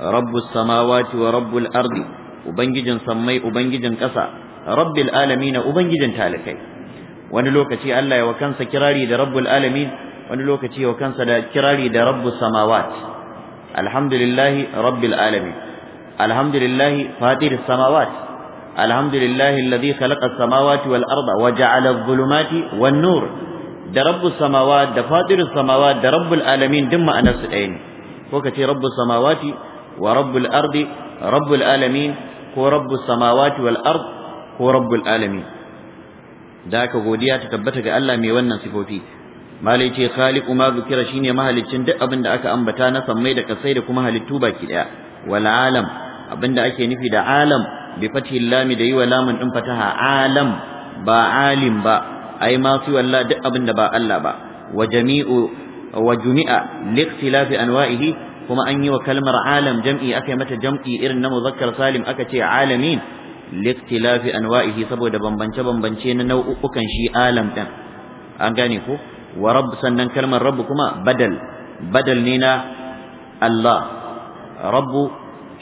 rabbus samawati wa rabbul ardi ubangijin sammai ubangijin ƙasa rabbil alamin ubangijin talakai. wani lokaci Allah ya wa kansa kirari da rabbul alamin wani lokaci ya wa kansa da kirari da rabbus samawat alhamdulillahi rabbil alamin alhamdulillahi fatiris samawat الحمد لله الذي خلق السماوات والأرض وجعل الظلمات nur. da rabbus samawa da fatirus samawa da rabbul alamin duk ma'anar su ɗaya ne ko ka ce rabbus samawati wa rabbul ardi rabbul alamin ko rabbus samawati wal ard ko rabbul alamin da haka godiya ta tabbata ga Allah mai wannan sifofi malai ce khaliqu ma zukira shine mahaliccin duk abin da aka ambata na sammai da kasai da kuma halittu baki daya wal alam abinda ake nufi da alam bi fathi lami da yi wa lamun din fataha alam ba alim ba ai ma su walla duk abin da ba Allah ba wa jami'u wa jumi'a liqtilafi anwa'ihi kuma an yi wa kalmar alam jam'i aka yi mata jam'i irin na muzakkar salim aka ce alamin liqtilafi anwa'ihi saboda bambance bambance na nau'ukan shi alam din an gane ko wa rabb sannan kalmar rabb kuma badal badal ne na Allah rabbu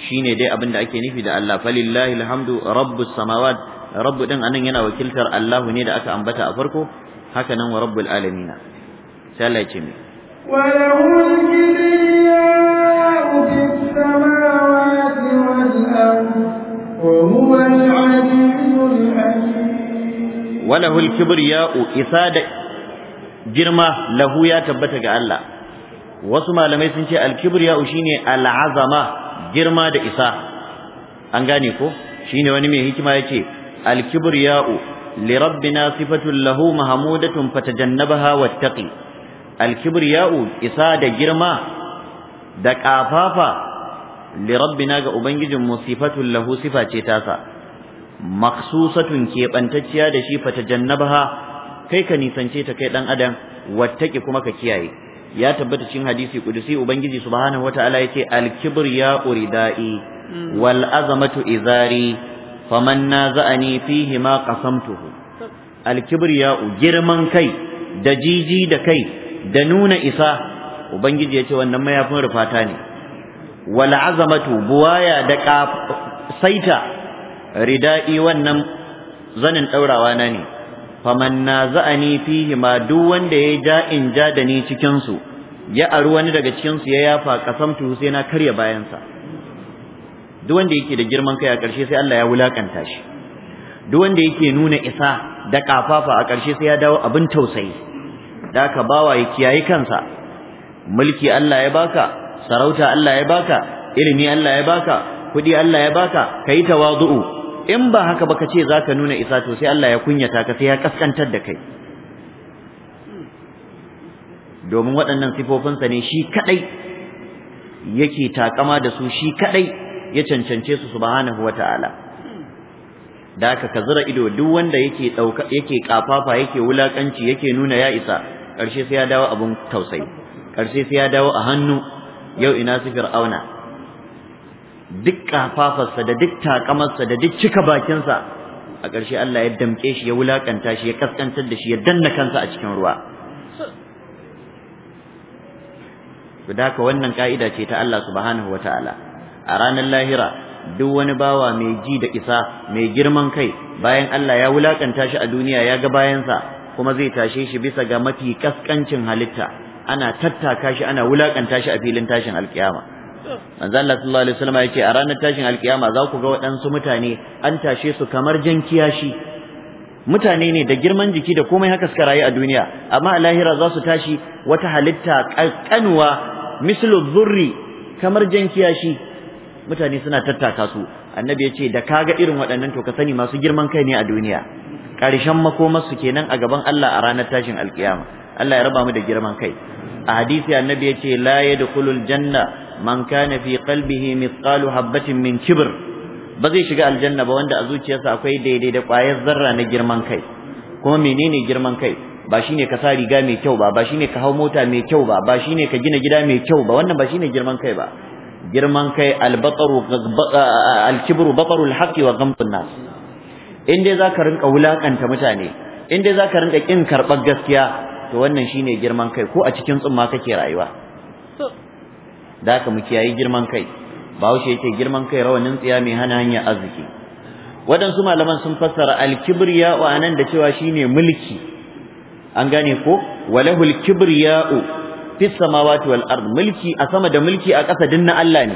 shine dai abin da ake nufi da Allah falillahi alhamdu rabbus samawati rabbu din anan yana wakiltar Allahu ne da aka ambata a farko haka nan wa rabbul alamin sai Allah ya ce mi wa lahul kibriyau fis samawati wal ard wa huwa al aliyyul hakim wa lahul kibriyau isada girma lahu ya tabbata ga Allah wasu malamai sun ce al-kibriya shine al-azama girma da isa an gane ko shine wani mai hikima yace الكبرياء لربنا صفة له محمودة فتجنبها واتقي الكبرياء إسادة جرما دك آفافا لربنا أبنجج صفة له صفة تاسا مخصوصة كيب أن تتيا دشي فتجنبها kai ka nisance ta kai ɗan adam wattake kuma ka kiyaye ya tabbata cikin hadisi kudusi ubangiji subhanahu wataala yace al-kibriya uridai wal izari faman naza'ani fihi ma qasamtuhu alkibriya'u girman kai da jiji da kai da nuna isa ubangiji ya ce wannan mayafin rufata ne wal azamatu buwaya da saita rida'i wannan zanin ɗaurawa na ne faman za'ani fihi ma duk wanda ya ja in ja da ni cikinsu. ya aru wani daga cikinsu su ya yafa qasamtuhu sai na karya bayansa duk wanda yake da girman kai a ƙarshe sai Allah ya wulakanta shi duk wanda yake nuna isa da kafafa a ƙarshe sai ya dawo abin tausayi da ka bawa ya kiyaye kansa mulki Allah ya baka sarauta Allah ya baka ilimi Allah ya baka kudi Allah ya baka kai tawadu'u in ba haka ba ka ce zaka nuna isa to sai Allah ya kunyata ka sai ya kaskantar da kai domin waɗannan sifofinsa ne shi kadai yake takama da su shi kadai ya cancance su subhanahu wataala da haka ka ido duk wanda yake dauka yake kafafa yake wulakanci yake nuna ya isa karshe sai ya dawo abun tausayi karshe sai ya dawo a hannu yau ina su fir'auna duk kafafarsa da duk takamarsa da duk cika bakinsa a ƙarshe Allah ya damƙe shi ya wulakanta shi ya kaskantar da shi ya danna kansa a cikin ruwa to da ka wannan ka'ida ce ta Allah subhanahu wataala a ranar lahira duk wani bawa mai ji da isa mai girman kai bayan Allah ya wulakanta shi a duniya ya ga bayansa kuma zai tashe shi bisa ga mafi kaskancin halitta ana tattaka shi ana wulakanta shi a filin tashin alkiyama manzo Allah sallallahu alaihi wasallam yace a ranar tashin alkiyama za ku ga waɗansu mutane an tashe su kamar jan kiyashi mutane ne da girman jiki da komai haka suka rayu a duniya amma a lahira za su tashi wata halitta kankanuwa mislu zurri kamar jan kiyashi mutane suna tattaka su annabi ya ce da kaga irin waɗannan to ka sani masu girman kai ne a duniya ƙarshen makomarsu kenan a gaban Allah a ranar tashin alkiyama Allah ya raba mu da girman kai a hadisi annabi ya ce la yadkhulul janna man kana fi qalbihi mithqalu habatin min kibr ba zai shiga aljanna ba wanda a zuciyarsa akwai daidai da ƙwayar zarra na girman kai kuma menene girman kai ba shine ka sa riga mai kyau ba ba shine ka hau mota mai kyau ba ba shine ka gina gida mai kyau ba wannan ba shine girman kai ba girman kai albataru alkibru batarul wa ghamtun nas in dai zaka rinka wulakanta mutane in dai zaka rinka kin karbar gaskiya to wannan shine girman kai ko a cikin tsumma kake rayuwa da ka mu kiyayi girman kai bahaushe yake girman kai rawanin tsiya mai hana hanya arziki waɗansu malaman sun fassara alkibriya wa anan da cewa shine mulki an gane ko walahul kibriya fis samawati wal mulki a sama da mulki a ƙasa na Allah ne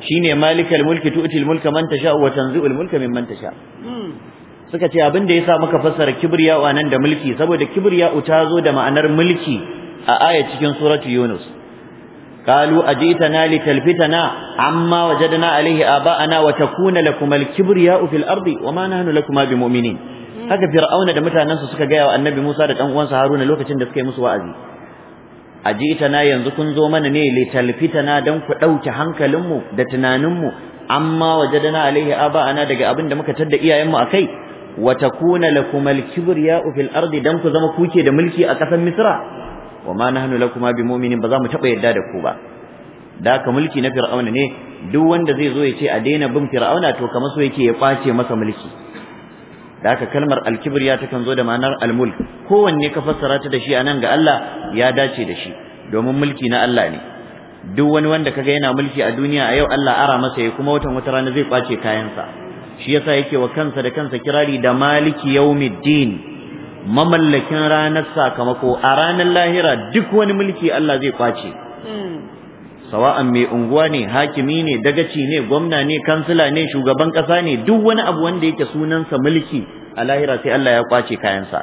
shine malikal mulki tu'til mulka man tasha wa tanzi'ul mulka mimman tasha suka ce abin da yasa muka fassara kibriya wa nan da mulki saboda kibriya ta zo da ma'anar mulki a aya cikin suratu yunus qalu ajitana na amma wajadna alaihi aba'ana wa takuna lakumal kibriya fil ardi wa ma nahnu lakuma bimu'minin haka fir'auna da mutanansa suka gaya wa annabi Musa da dan uwansa Haruna lokacin da suka yi musu wa'azi na yanzu kun zo mana ne litalfitana dan ku dauke hankalinmu da tunaninmu amma wajadana alaihi na daga abin da muka tadda iyayenmu akai wa takuna lakum al-kibriya'u fil ardi dan ku zama kuke da mulki a kasar Misra wa ma nahnu lakum bi mu'minin ba za mu taba yadda da ku ba da ka mulki na fir'auna ne duk wanda zai zo ya ce a daina bin fir'auna to kamar so yake ya kwace masa mulki da haka kalmar alkibriya takan zo da ma'anar almul, kowanne ka fassara ta da shi anan ga Allah ya dace da shi domin mulki na Allah ne duk wani wanda kaga yana mulki a duniya a yau Allah ara masa ya kuma watan wata rana zai kwace kayansa shi yasa yake wa kansa da kansa kirari da maliki yawmiddin mamallakin ranar sakamako a ranar lahira duk wani mulki Allah zai kwace hmm. sawa'an mai unguwa ne hakimi ne dagaci ne gwamna ne kansila ne shugaban kasa ne duk wani abu wanda yake sunansa mulki a lahira sai Allah ya kwace kayansa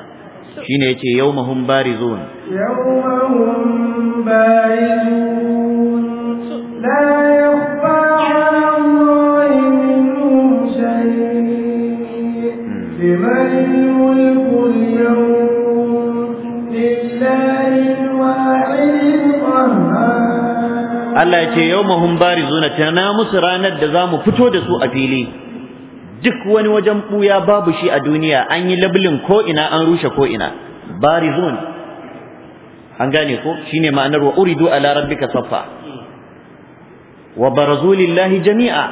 shine yace yawmahum barizun yawmahum barizun la yakhfa Allah minhum shay'un hmm. liman mulku Allah ya ce yawmahum barizuna tana musu ranar da za mu fito da su a fili duk wani wajen buya babu shi a duniya an yi labulin ko ina an rushe ko ina barizun an gane ko shine ma'anar wa uridu ala rabbika saffa wa barazu lillahi jami'a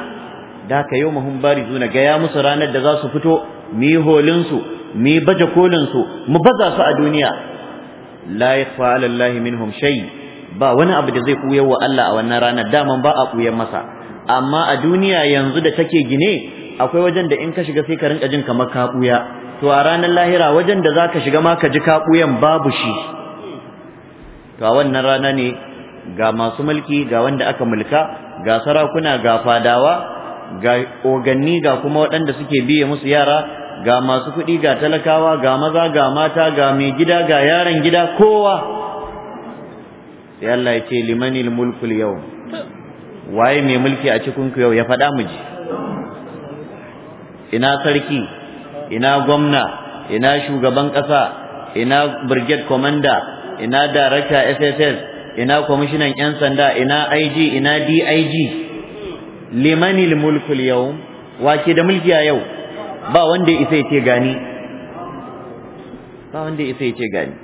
da ka yawmahum zuna ga ya musu ranar da za su fito yi holin su yi baje kolin su mu baza su a duniya la yakhfa ala allahi minhum ba wani abu da zai kuyar wa Allah a wannan rana, daman ba a kuyar masa amma a duniya yanzu da take gine akwai wajen da in ka shiga sai ka rinka jin kamar ka kuya to a ranar lahira wajen da zaka shiga ma ka ji ka kuyan babu shi to a wannan rana ne ga masu mulki ga wanda aka mulka ga sarakuna ga fadawa ga oganni ga kuma waɗanda suke biye musu yara ga masu kuɗi ga talakawa ga maza ga mata ga mai gida ga yaran gida kowa sai Allah ya ce limanil mulkul yau waye mai mulki a cikin ku yau ya faɗa mu ji ina sarki ina gwamna ina shugaban ƙasa ina brigade commander ina director SSS ina kwamishinan 'yan sanda ina IG ina DIG limanil mulkul yau wace da mulki a yau ba wanda ya isa ya ce gani ba wanda ya isa ya ce gani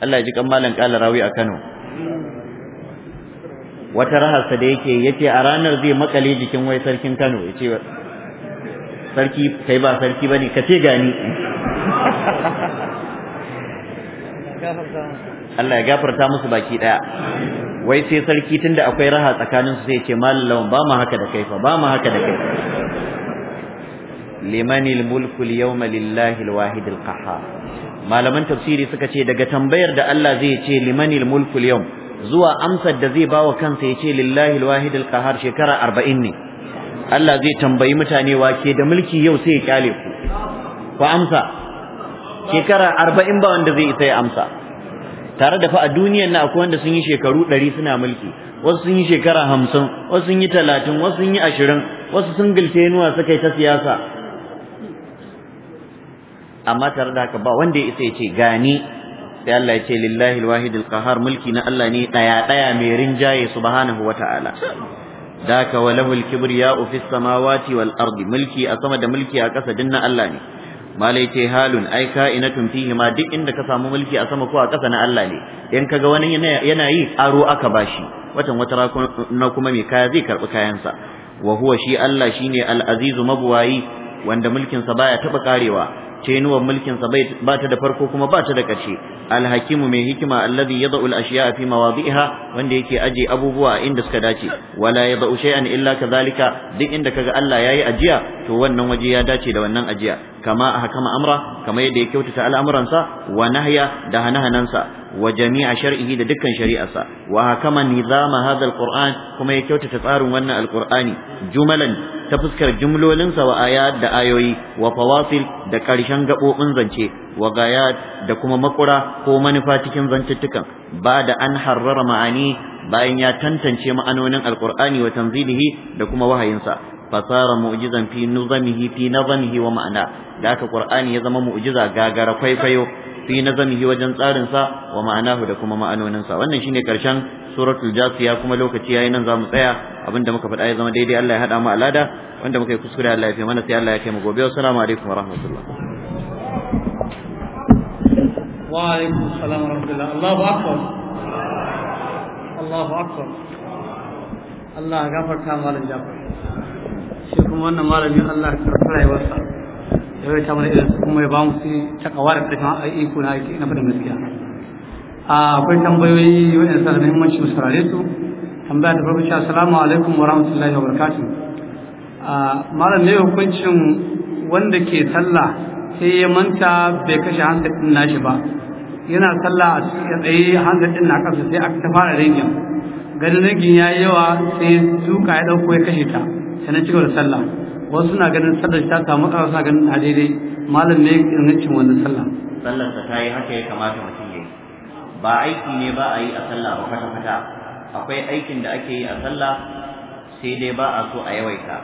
Allah ji kan malam kala rawi a Kano wata raharsa da yake yace a ranar zai makale jikin wai sarkin Kano yace sarki kai ba sarki bane ka ce gani Allah ya gafarta musu baki daya wai sai sarki tunda akwai raha tsakanin su sai ce mallam ba mu haka da kai fa ba mu haka da kai limanil mulku al-yawma lillahi al-wahid al-qahhar malaman tafsiri suka ce daga tambayar da Allah zai ce limanil mulkul yawm zuwa amsar da zai bawa kansa ya ce lillahi alwahid alqahar shekara arba'in ne Allah zai tambayi mutane wa ke da mulki yau sai ya kyale ku ku amsa shekara arba'in ba wanda zai isa ya amsa tare da fa a duniyar na akwai wanda sun yi shekaru 100 suna mulki wasu sun yi shekara hamsin wasu sun yi talatin wasu sun yi ashirin wasu sun gilce nuwa suka yi ta siyasa amma tare da haka ba wanda ya isa ya ce gani sai Allah ya ce lillahi alwahid alqahar mulki na Allah ne daya daya mai rinjaye subhanahu wataala daka walahul kibriya'u fis samawati wal ardi mulki a sama da mulki a ƙasa dinna Allah ne malai ce halun ai ina fihi ma duk inda ka samu mulki a sama ko a ƙasa na Allah ne in kaga wani yana yi aro aka bashi watan wata na kuma mai kaya zai karbi kayansa wa huwa shi Allah shine al-azizu mabwayi wanda mulkin sa baya taba karewa tenuwar mulkin sa bai ba ta da farko kuma ba ta da ƙarshe alhakimu mai hikima alladhi yad'u al-ashya'a fi mawadi'iha wanda yake aje abubuwa inda suka dace wala yad'u shay'an illa kadhalika duk inda kaga Allah yayi ajiya to wannan waje ya dace da wannan ajiya kama ahkama amra kama yadda ya kyautata al'amuransa wa nahya da sa wa jami'a shar'ihi da dukkan shari'arsa wa hakama nizama hadha alquran kuma ya kyautata tsarin wannan Alkur'ani. jumalan ta fuskar jumlolinsa wa ayat da ayoyi wa fawasil da ƙarshen gaɓoɓin zance wa gayat da kuma makura ko manufa cikin zantuttukan ba da an harrara ma'ani bayan ya tantance ma'anonin Alƙur'ani wa tanzilihi da kuma wahayinsa fasara mu'jizan fi nuzamihi fi nazamihi wa ma'ana da aka qur'ani ya zama mu'jiza gagara kwaikwayo fi nazamihi wajen tsarinsa wa ma'anahu da kuma ma'anonin wannan shine ƙarshen. suratul jasiya kuma lokaci yayi nan zamu tsaya abinda muka faɗa ya zama daidai Allah ya hada mu alada wanda muka yi kuskure Allah ya fi mana sai Allah ya kai mu gobe assalamu alaikum wa rahmatullah wa alaikum assalam wa rahmatullah Allahu akbar Allahu akbar Allah gafarta malam Jafar shi kuma wannan malamin Allah ya ya wasa ya ta mana irin kuma ya ba mu shi takawar da ƙarfin iko na na fadin gaskiya akwai tambayoyi wanda suna da muhimmanci mu saurare su tambaya da farko assalamu alaikum wa rahmatullahi wa barakatuh malam ne hukuncin wanda ke sallah sai ya manta bai kashe hanzar din nashi ba yana sallah a cikin tsaye hansa din na kasa sai aka ta fara ringin ganin ya yi yawa sai duka ya dauko ya kashe ta sai na cigaba da sallah wasu na ganin sallar ta samu ƙarasa ganin a daidai malam ne irin cin wannan sallah sallar ta yi haka ya kamata ba aiki ne ba a yi a sallah ba kwata-kwata akwai aikin da ake yi a sallah sai dai ba a so a yawaita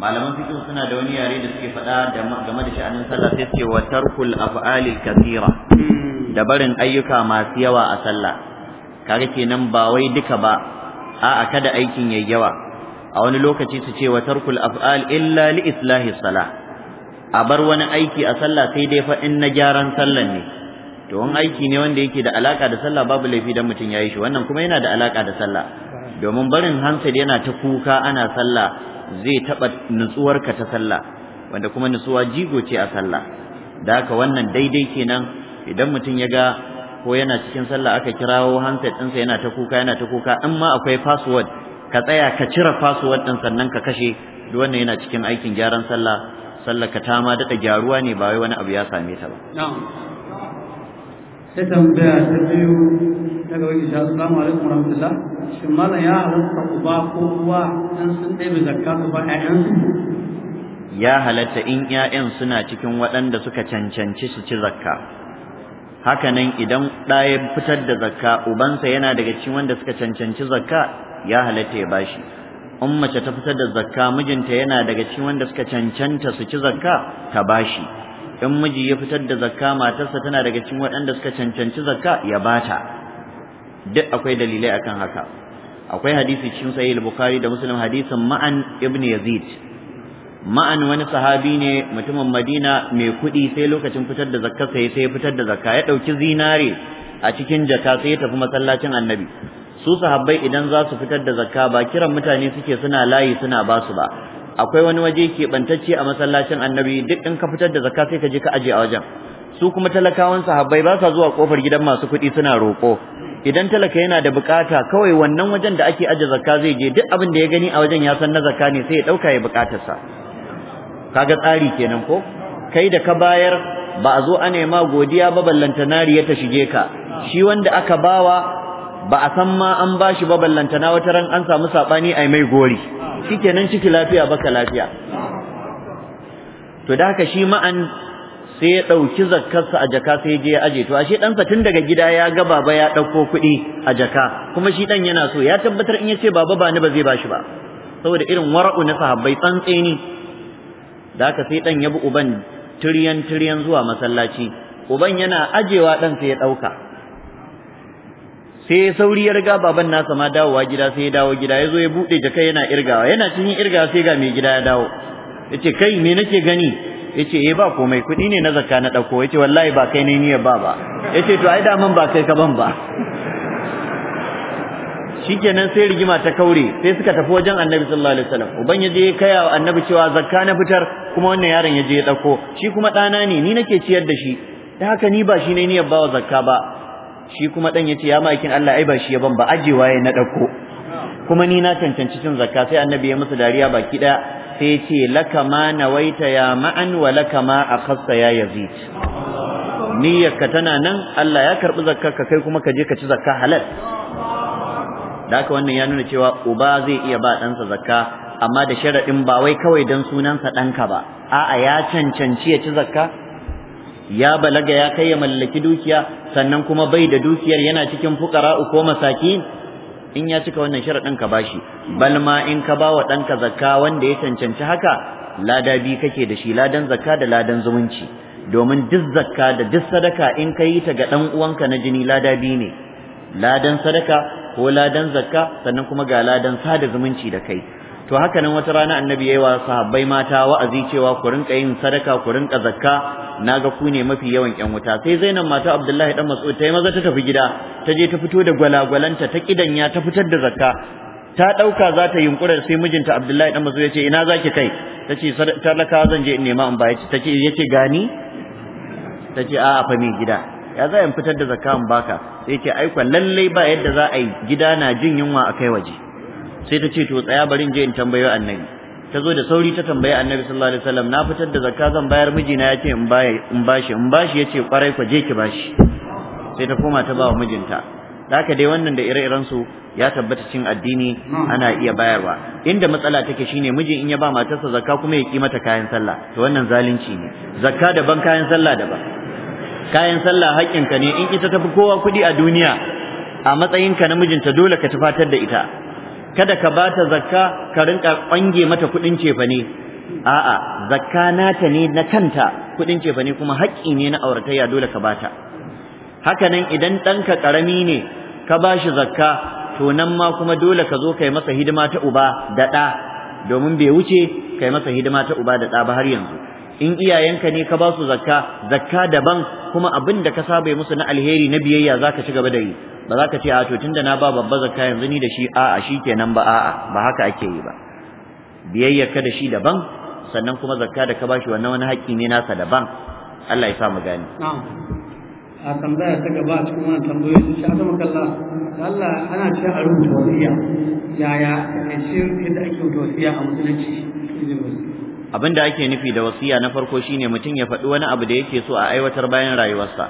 malaman fiqh suna da wani yare da suke faɗa game da sha'anin sallah sai suke wa tarkul af'ali kathira da barin ayyuka masu yawa a sallah kaga kenan ba wai duka ba a'a kada aikin yayi yawa a wani lokaci su ce wa tarkul af'al illa li islahi salah a bar wani aiki a sallah sai dai fa in na gyaran sallan ne to aiki ne wanda yake da alaka da sallah babu laifi dan mutum yayi shi wannan kuma yana da alaka da sallah domin barin hansa yana ta kuka ana sallah zai taba nutsuwar ka ta sallah wanda kuma nutsuwa jigo ce a sallah da haka wannan daidai kenan idan mutum ya ga ko yana cikin sallah aka kirawo hansa ɗinsa yana ta kuka yana ta kuka in ma akwai password ka tsaya ka cire password ɗin sannan ka kashe duk wannan yana cikin aikin gyaran sallah sallah ka ta ma daɗa gyaruwa ne ba wai wani abu ya same ta ba sai tambaya ta biyu daga wani sha assalamu alaikum warahmatullah shin malam ya halatta uba ko uwa in sun ɗebe zakka su ba ƴaƴansu ya halatta in ƴaƴan suna cikin waɗanda suka cancanci su ci zakka hakanan idan ɗa ya fitar da zakka ubansa yana daga cikin wanda suka cancanci zakka ya halatta ya bashi in mace ta fitar da zakka mijinta yana daga cikin wanda suka cancanta su ci zakka ta bashi in miji ya fitar da zakka matarsa tana daga cikin waɗanda suka cancanci zakka ya bata duk akwai dalilai akan haka akwai hadisi cikin sahih al-bukhari da muslim hadisin ma'an ibn yazid ma'an wani sahabi ne mutumin madina mai kuɗi sai lokacin fitar da zakka sai sai fitar da zakka ya ɗauki zinare a cikin jaka sai ya tafi masallacin annabi su sahabbai idan za su fitar da zakka ba kiran mutane suke suna layi suna basu ba akwai wani waje kebantacce a masallacin annabi duk in ka fitar da zakka sai ka je ka aje a wajen su kuma talakawan sahabbai ba sa zuwa kofar gidan masu kuɗi suna roƙo idan talaka yana da bukata kawai wannan wajen da ake aje zakka zai je duk abin da ya gani a wajen ya san na zakka ne sai ya ɗauka ya bukatarsa kaga tsari kenan ko kai da ka bayar ba a zo a nema godiya ba ballantanari ya ta shige ka shi wanda aka bawa ba a san ma an bashi ba ballantana wata ran an samu sabani ai mai gori shikenan ciki lafiya baka lafiya to da haka shi ma'an sai ya ɗauki zakkarsa a jaka sai je ya aje to ashe ɗansa tun daga gida ya ga baba ya ɗauko kuɗi a jaka kuma shi ɗan yana so ya tabbatar in ya ce baba ba ni ba zai bashi ba saboda irin wara'u na sahabbai tsantseni da haka sai dan ya bi uban tiriyan tiriyan zuwa masallaci uban yana ajewa dan sai ya ɗauka sai ya sauri ya riga baban nasa ma dawowa gida sai ya dawo gida ya zo ya buɗe jaka yana irgawa yana cikin irgawa sai ga mai gida ya dawo ya ce kai me nake gani ya eh ba komai kuɗi ne na zakka na ɗauko ya wallahi ba kai ne ni ba ba ya ce to ai daman ba kai ka ban ba shikenan sai rigima ta kaure sai suka tafi wajen annabi sallallahu alaihi wasallam uban ya ya kaya wa annabi cewa zakka na fitar kuma wannan yaron ya je ya dauko shi kuma ɗana ne ni nake ciyar da shi da haka ni ba shi ne niyar bawa zakka ba shi kuma dan yace ya makin Allah ai ba shi ya ban ba ajewa ya na dauko kuma ni na cancanci cin zakka sai annabi ya musu dariya baki daya sai yace laka ma nawaita ya ma'an wa laka ma akhassa ya yazid niyyarka tana nan Allah ya karbi zakka ka kai kuma ka je ka ci zakka halal da haka wannan ya nuna cewa uba zai iya ba ɗansa zakka amma da sharaɗin ba wai kawai don sunansa ɗanka ba a'a ya cancanci ya ci zakka ya balaga ya kai ya mallaki dukiya sannan kuma bai da dukiyar yana cikin fukara ko masaki in ya cika wannan sharaɗin ka bashi bal ma in ka bawa ɗanka zakka wanda ya cancanci haka lada bi kake da shi ladan zakka da ladan zumunci domin duk zakka da duk sadaka in ka ta ga ɗan uwanka na jini lada bi ne ladan sadaka ko ladan zakka sannan kuma ga ladan sada zumunci da kai to haka nan wata rana annabi yayi wa sahabbai mata wa'azi cewa ku rinka yin sadaka ku rinka zakka naga ku ne mafi yawan ƴan wuta sai Zainab mata Abdullahi dan Mas'ud tayi maza ta tafi gida ta je ta fito da gwalagwalanta ta kidanya ta fitar da zakka ta dauka za ta yunkura sai mijinta Abdullahi dan Mas'ud yace ina zaki kai tace talaka zan je in nema in baya tace yace gani tace a'a fa mi gida ya za in fitar da zakka in baka sai ce ai lalle ba yadda za a yi gida na jin yunwa a kai waje sai ta ce to tsaya bari in je in tambayi annabi ta zo da sauri ta tambayi annabi sallallahu alaihi wasallam na fitar da zakka zan bayar mijina ya ce in bashi in bashi ya ce kwarai ku je ki bashi sai ta koma ta ba mijinta haka dai wannan da ire-iren su ya tabbata cin addini ana iya bayarwa inda matsala take shine miji in ya ba matarsa zakka kuma ya ki mata kayan sallah to wannan zalunci ne zakka daban kayan sallah daban kayan sallah haƙƙinka ne in ita tafi kowa kuɗi a duniya a matsayinka na mijinta dole ka tufatar da ita kada ka ba ta zakka ka rinka kwange mata kudin cefane a'a zakka nata ne na kanta kudin cefane kuma haƙƙi ne na auratayya dole ka bata haka nan idan ɗanka ƙarami ne ka ba shi zakka to nan ma kuma dole ka zo kai masa hidima ta uba da ɗa domin bai wuce kai masa hidima ta uba da ɗa ba har yanzu in iyayenka ne ka ba su zakka zakka daban kuma abin da ka saba musu na alheri na biyayya zaka ci gaba da yi ba za ka ce a to tunda na ba babba zakka yanzu ni da shi a'a kenan ba a'a ba haka ake yi ba biyayya ka da shi daban sannan kuma zakka da ka shi wannan wani haƙƙi ne nasa daban Allah ya sa mu gani a tambaya ta gaba a cikin wannan tambayoyi shi zama kalla Allah ana ce a rubuta wasiya yaya ne shi yadda ake rubuta wasiya a musulunci Abin da ake nufi da wasiya na farko shine mutum ya faɗi wani abu da yake so a aiwatar bayan rayuwarsa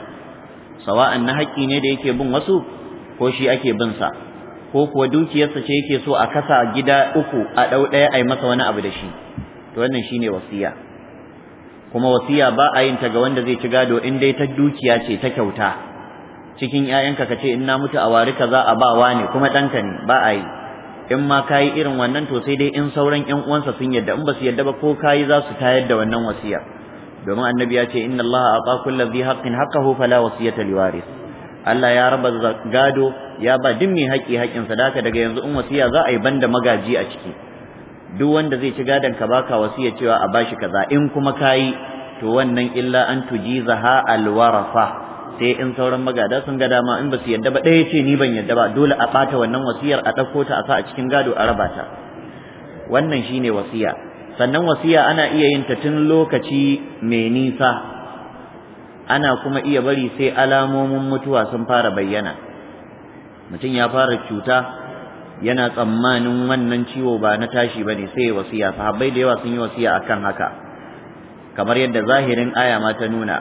sawa'an na haƙƙi ne da yake bin wasu ko shi ake bin sa ko kuwa dukiyarsa ce yake so a kasa gida uku a ɗau ɗaya a yi masa wani abu da shi to wannan shine wasiya kuma wasiya ba a yin ta ga wanda zai ci gado in dai ta dukiya ce ta kyauta cikin 'ya'yanka ka ce in na mutu a wari kaza a ba wa ne kuma ɗanka ne ba a yi in ma kayi irin wannan to sai dai in sauran ƴan uwansa sun yadda in ba su yadda ba ko kayi za su tayar da wannan wasiya domin annabi ya ce inna allaha ata kulli dhi haqqin haqqahu fala wasiyata liwaris Allah ya raba gado ya ba duk mai haƙƙi haƙƙinsa da daga yanzu in wasiya za a yi banda magaji a ciki duk wanda zai ci gadon ka baka wasiya cewa a bashi kaza in kuma kayi to wannan illa an tujizaha alwarafa sai in sauran magada sun ga dama in ba su yadda ba ɗaya ce ni ban yadda ba dole a ɓata wannan wasiyar a ɗauko ta a sa a cikin gado a raba ta wannan shine wasiya sannan wasiya ana iya yin ta tun lokaci mai nisa ana kuma iya bari sai alamomin mutuwa sun fara bayyana mutum ya fara cuta yana tsammanin wannan ciwo ba na tashi ba ne sai wasiya sahabbai da yawa sun yi wasiya akan haka kamar yadda zahirin aya ma ta nuna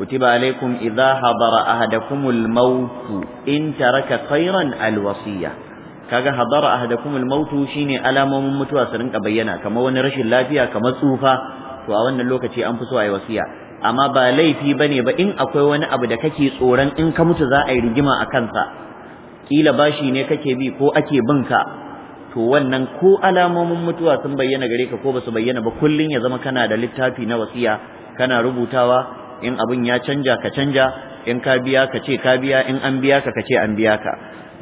kutiba alaikum idza hadara ahadakumul maut in taraka khairan alwasiya kaga hadara ahadakumul maut shine alamomin mutuwa su rinka bayyana kamar wani rashin lafiya kamar tsufa to a wannan lokaci an fi so a ayi wasiya amma ba laifi bane ba in akwai wani abu da kake tsoron in ka mutu za a yi rigima a kansa kila bashi ne kake bi ko ake bin ka to wannan ko alamomin mutuwa sun bayyana gare ka ko ba bayyana ba kullum ya zama kana da littafi na wasiya kana rubutawa in abin ya canja ka canja in ka biya ka ce ka biya in an biya ka ka ce an biya ka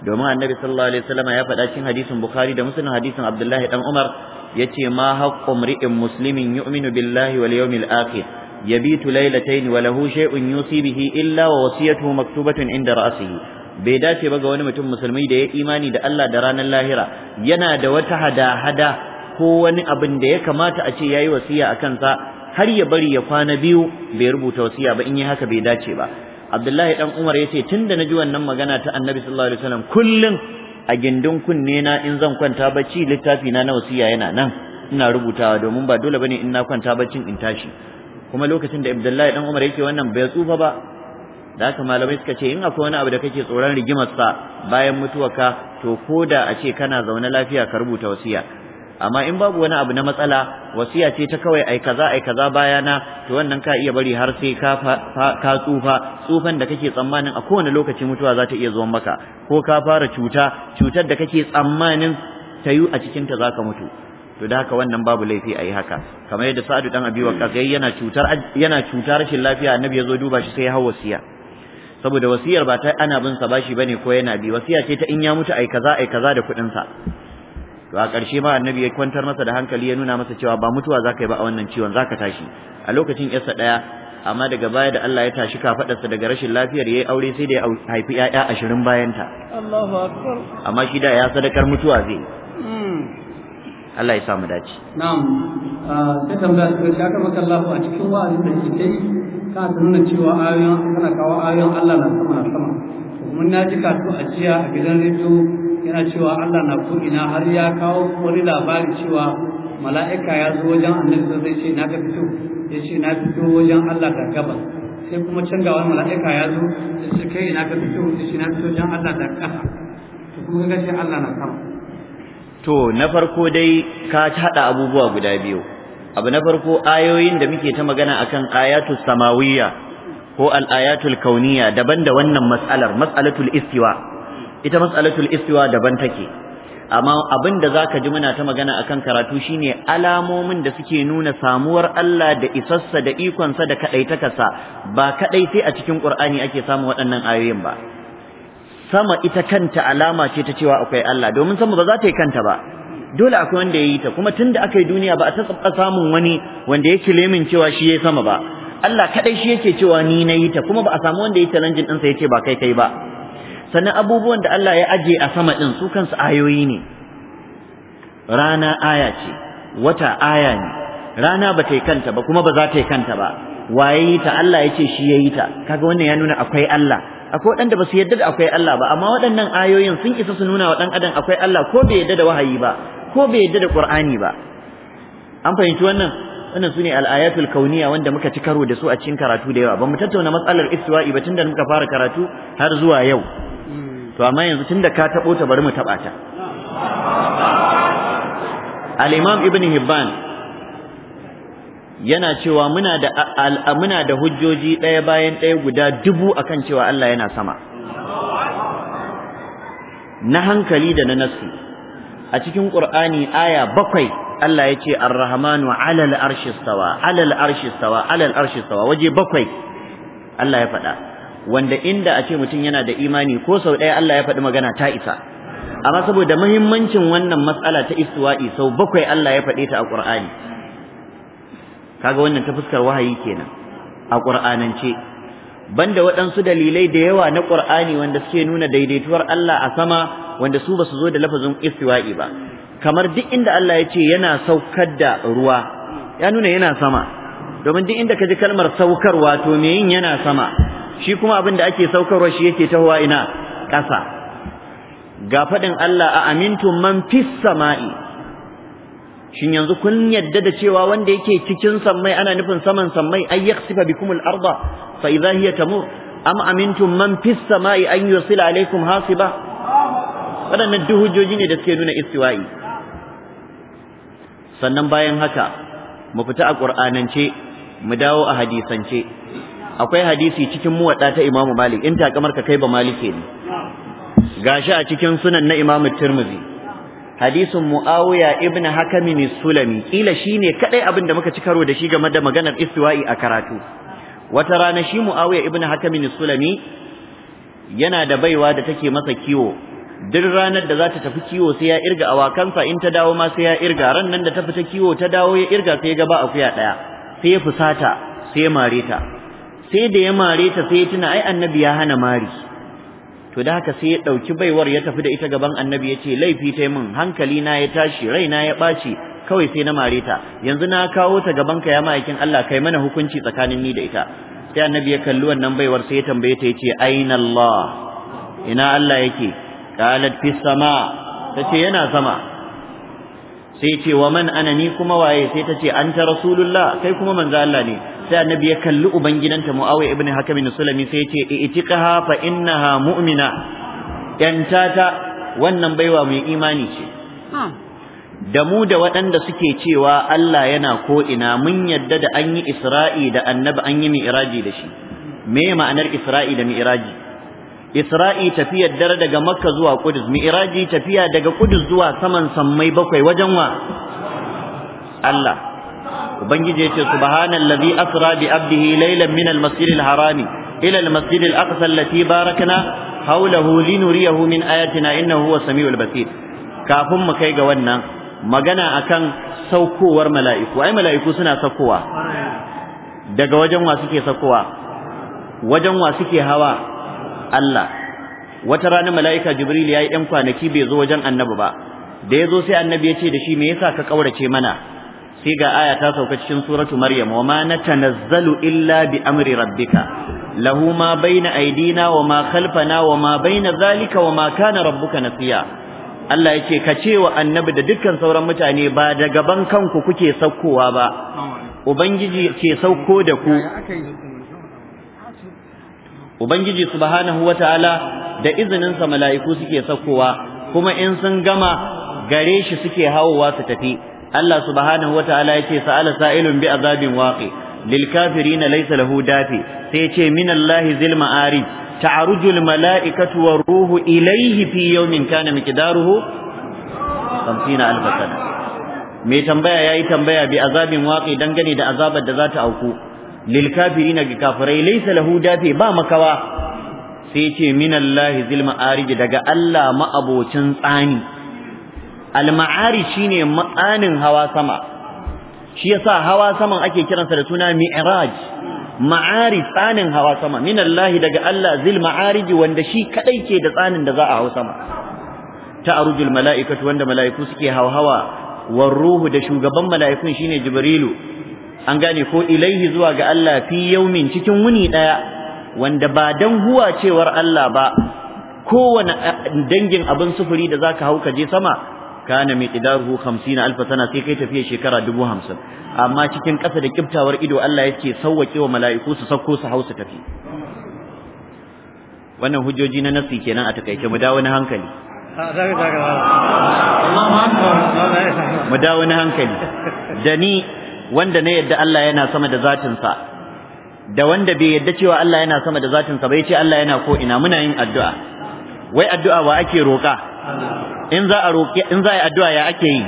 domin annabi sallallahu alaihi wasallam ya faɗa cikin hadisin bukhari da muslim hadisin abdullahi dan umar yace ma haqqu mri'in muslimin yu'minu billahi wal yawmil akhir yabitu laylatayn wa lahu shay'un yusi bihi illa wa wasiyatuhu maktubatun inda ra'sihi bai dace ba ga wani mutum musulmi da ya imani da Allah da ranar lahira yana da wata hada-hada ko wani abin da ya kamata a ce ya yi wasiya a kansa har ya bari ya kwana biyu bai rubuta wasiya ba in yi haka bai dace ba Abdullahi dan Umar ya yace tunda naji wannan magana ta Annabi sallallahu alaihi wasallam kullun a gindin kunne na in zan kwanta bacci littafi na na wasiya yana nan ina rubutawa domin ba dole bane in na kwanta baccin in tashi kuma lokacin da Abdullahi dan Umar yake wannan bai tsufa ba da haka malamai suka ce in akwai wani abu da kake tsoron rigimarsa sa bayan mutuwarka to ko da a ce kana zaune lafiya ka rubuta wasiya amma in babu wani abu na matsala wasiya ce ta kawai ai kaza ai kaza bayana to wannan ka iya bari har sai ka ka tsufa tsufan da kake tsammanin a kowane lokaci mutuwa za ta iya zuwa maka ko ka fara cuta cutar da kake tsammanin ta yi a cikin ta zaka mutu to da haka wannan babu laifi a yi haka kamar yadda sa'adu dan abi waqas yayi yana cutar yana cutar rashin lafiya annabi ya zo duba shi sai ya hawo wasiya saboda wasiyar ba ta ana bin sa bashi bane ko yana bi wasiya ce ta in ya mutu ai kaza ai kaza da kuɗin sa to a ƙarshe ma annabi ya kwantar masa da hankali ya nuna masa cewa ba mutuwa za ka yi ba a wannan ciwon za ka tashi a lokacin yarsa ɗaya amma daga baya da Allah ya tashi kafaɗarsa daga rashin lafiyar yayi aure sai da ya haifi 'ya'ya ashirin bayan ta Allahu akbar amma shi da ya sadakar mutuwa zai hmm. Allah ya samu dace na'am ah, sai tambaya ka da aka maka Allah a cikin wa'azin da kike yi ka nuna cewa ayoyin kana kawo ayoyin Allah na sama na sama mun na ji ka a jiya a gidan rediyo yana cewa Allah na ku ina har ya kawo wani labari cewa mala'ika ya zo wajen annabi zai ce na ga fito ya ce na fito wajen Allah da gabas sai kuma can ga wani mala'ika ya zo ya ce kai ina ka fito ya ce na fito wajen Allah da ƙasa to kuma ga shi Allah na sama to na farko dai ka hada abubuwa guda biyu abu na farko ayoyin da muke ta magana akan Ayatul samawiyya ko al-ayatul kauniyya daban da wannan mas'alar mas'alatul istiwa ita mas'alatul istiwa daban take amma abin da zaka ji muna ta magana akan karatu shine alamomin da suke nuna samuwar Allah da isassa da ikonsa da kadaitakarsa ba kadai sai a cikin Qur'ani ake samu waɗannan ayoyin ba sama ita kanta alama ce ta cewa akwai Allah domin sama ba za ta yi kanta ba dole akwai wanda yayi yi ta kuma tunda aka yi duniya ba a taɓa samun wani wanda ya lemin cewa shi ya sama ba Allah kadai shi yake cewa ni na yi ta kuma ba a samu wanda ya lanjin din sa yace ba kai kai ba sannan abubuwan da Allah ya aje a sama ɗin su kansu ayoyi ne rana aya ce wata aya ne rana ba ta yi kanta ba kuma ba za ta yi kanta ba waye yi ta Allah ya ce shi ya yi ta kaga wannan ya nuna akwai Allah akwai waɗanda ba su yarda da akwai Allah ba amma waɗannan ayoyin sun isa su nuna wa ɗan adam akwai Allah ko bai yarda da wahayi ba ko bai yarda da Qur'ani ba an fahimci wannan wannan sune al-ayatul kauniya wanda muka ci karo da su a cikin karatu da yawa ba mu tattauna matsalar istiwa'i ba da muka fara karatu har zuwa yau to amma yanzu tunda ka tabo ta bari mu taba ta al-imam ibn hibban yana cewa muna da muna da hujjoji ɗaya bayan ɗaya guda dubu akan cewa Allah yana sama na hankali da na nafsi a cikin qur'ani aya bakwai Allah ya ce ar-rahmanu 'ala al-arshi stawa 'ala al-arshi stawa 'ala al-arshi stawa waje bakwai Allah ya faɗa wanda inda a ce mutum yana da imani ko sau ɗaya Allah ya faɗi magana ta isa amma saboda muhimmancin wannan matsala ta istiwa'i sau bakwai Allah ya faɗe ta a ƙur'ani kaga wannan ta fuskar wahayi kenan a ƙur'anance banda waɗansu dalilai da yawa na ƙur'ani wanda suke nuna daidaituwar Allah a sama wanda su basu zo da lafazin istiwa'i ba kamar duk inda Allah ya ce yana saukar da ruwa ya nuna yana sama domin duk inda ka ji kalmar saukarwa to me yin yana sama shi kuma abin da ake saukarwa shi yake tahowa ina ƙasa ga faɗin Allah a amintum man fis sama'i shin yanzu kun yadda da cewa wanda yake cikin sammai ana nufin saman sammai ay yakhsifa bikumul arda fa idha hiya tamur am amintum man fis sama'i an yusila alaikum hasiba waɗannan duk hujjoji ne da suke nuna istiwa'i sannan bayan haka mu fita a ƙur'anance mu dawo a hadisance akwai hadisi cikin muwadda ta Imam Malik in takamar ka kai ba Malike ne gashi a cikin sunan na Imam Tirmidhi hadisin Muawiya ibn Hakam sulami kila shine kadai abin da muka ci karo da shi game da maganar istiwa'i a karatu wata rana shi Muawiya ibn Hakam sulami yana da baiwa da take masa kiwo duk ranar da za ta tafi kiwo sai ya irga awakansa in ta dawo ma sai ya irga ran nan da ta fita kiwo ta dawo ya irga sai ya ga ba akuya daya sai ya fusata sai ya mare ta sai da ya mare ta sai ya tuna ai annabi ya hana mari to da haka sai ya ɗauki baiwar ya tafi da ita gaban annabi ya ce laifi ta min hankali na ya tashi raina ya baci kawai sai na mare ta yanzu na kawo ta gaban ka ya ma'aikin Allah kai mana hukunci tsakanin ni da ita sai annabi ya kalli wannan baiwar sai ya tambaye ta ya ce aina Allah ina Allah yake qalat fi sama tace yana sama sai ce wa man anani kuma waye sai ta ce anta rasulullah kai kuma manzo Allah ne sai annabi ya kalli gidanta muawiya ibn hakim bin sulami sai ya ce itiqaha fa innaha mu'mina yantata wannan baiwa mai imani ce da mu da waɗanda suke cewa Allah yana ko ina mun yadda da an yi isra'i da annabi an yi mi'raji da shi me ma'anar isra'i da mi'raji Isra'i tafiya dare daga Makka zuwa Kudus, Mi'raji tafiya daga Kudus zuwa saman sammai bakwai wajen wa Allah. ubangiji yace subhanallazi asra bi abdihi laylan min almasjidil harami ila almasjidil aqsa allati barakna hawlahu linuriyahu min ayatina innahu huwas samiul basir kafin mu kai ga wannan magana akan saukowar mala'iku ai mala'iku suna saukowa daga wajen wa suke saukowa wajen wa suke hawa Allah wata rana mala'ika jibril yayi ɗan kwanaki bai zo wajen annabi ba da ya zo sai annabi ya ce da shi me yasa ka kaurace mana sai ga aya ta sauka cikin suratu maryam wa ma natanazzalu illa bi amri rabbika lahu ma baina aidina wa ma khalfana wa ma baina zalika wa ma kana rabbuka nasiya Allah yake ka ce wa annabi da dukkan sauran mutane ba da gaban kanku kuke saukowa ba ubangiji ke sauko da ku ubangiji subhanahu wataala da izinin sa mala'iku suke saukowa kuma in sun gama gare shi suke hawowa su tafi Allah subhanahu wataala ce, sa'ala sa'ilun bi azabin waqi lil kafirin laysa lahu dafi sai yace min Allah zil ma'arij ta'ruju al mala'ikatu war ruhu ilayhi fi yawmin kana miqdaruhu 50 alf sana me tambaya yayi tambaya bi azabin waqi dangane da azabar da za ta auku lil kafirin ga kafirai laysa lahu dafi ba makawa sai yace min Allah zil ma'arij daga Allah ma'abocin tsani al-ma'ari shine ma'anin hawa sama shi yasa hawa saman ake kiransa da suna mi'raj ma'ari tsanin hawa sama Minallahi daga Allah zil ma'ariji wanda shi kadai ke da tsanin da za a hawa sama ta'arujul mala'ikatu wanda mala'iku suke hawa war ruhu da shugaban mala'ikun shine jibrilu an gane ko ilaihi zuwa ga Allah fi yaumin cikin wuni daya wanda ba dan huwa cewar Allah ba kowane eh, dangin abin sufuri da zaka hau ka je sama kana miqdaruhu 50 alf sana sai kai tafiye shekara 50 amma cikin ƙasa da kiftawar ido Allah yake sauwake wa mala'iku su sako su hausa tafi wannan hujjoji na nasi kenan a takaice mu dawo na hankali mu dawo na hankali da ni wanda na yadda Allah yana sama da zatinsa da wanda bai yadda cewa Allah yana sama da zatinsa bai ce Allah yana ko ina muna yin addu'a wai addu'a ba ake roƙa in za a roƙi in za a yi addu'a ya ake yi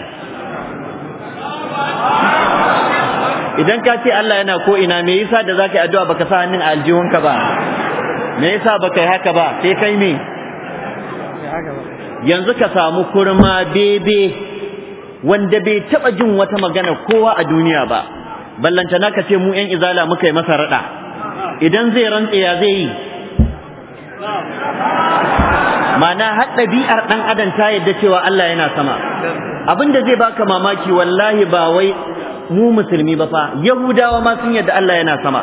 idan ka ce Allah yana ko ina me yasa da zaka yi addu'a baka sa hannun a ka ba me yasa baka yi haka ba sai kai me yanzu ka samu kurma bebe wanda bai taba jin wata magana kowa a duniya ba ballantana ka ce mu yan izala muka yi masa rada idan zai rantsa ya zai yi mana har ɗabi'ar ɗan adam ta yadda cewa Allah yana sama abinda zai baka mamaki wallahi ba wai mu musulmi ba fa yahudawa ma sun yadda Allah yana sama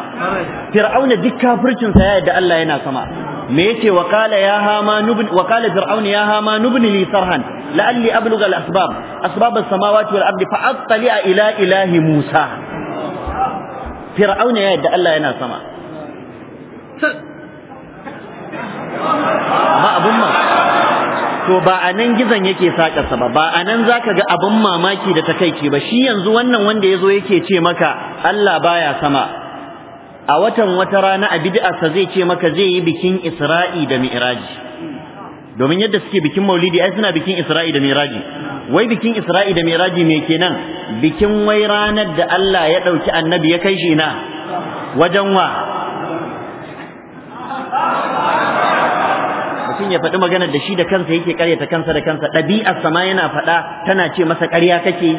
fir'auna duk kafircin sa ya yadda Allah yana sama me yace wa qala ya hama nubni wa qala fir'aun ya hama nubni li sarhan la'alli ablugha al-asbab asbab as-samawati wal ardi fa attali'a ila ilahi musa fir'auna ya yadda Allah yana sama ba abun ma to ba a nan gizon yake sakarsa ba ba a nan zaka ga abun mamaki da takaici ba shi yanzu wannan wanda yazo yake ce maka Allah baya sama a watan wata rana a bid'arsa zai ce maka zai yi bikin Isra'i da Mi'raji domin yadda suke bikin Maulidi ai suna bikin Isra'i da Mi'raji wai bikin Isra'i da Miraji me kenan bikin wai ranar da Allah ya ɗauki annabi ya kai shi na wajen wa mutum ya faɗi maganar da shi da kansa yake karyata kansa da kansa ɗabi'ar sama yana faɗa tana ce masa ƙarya kake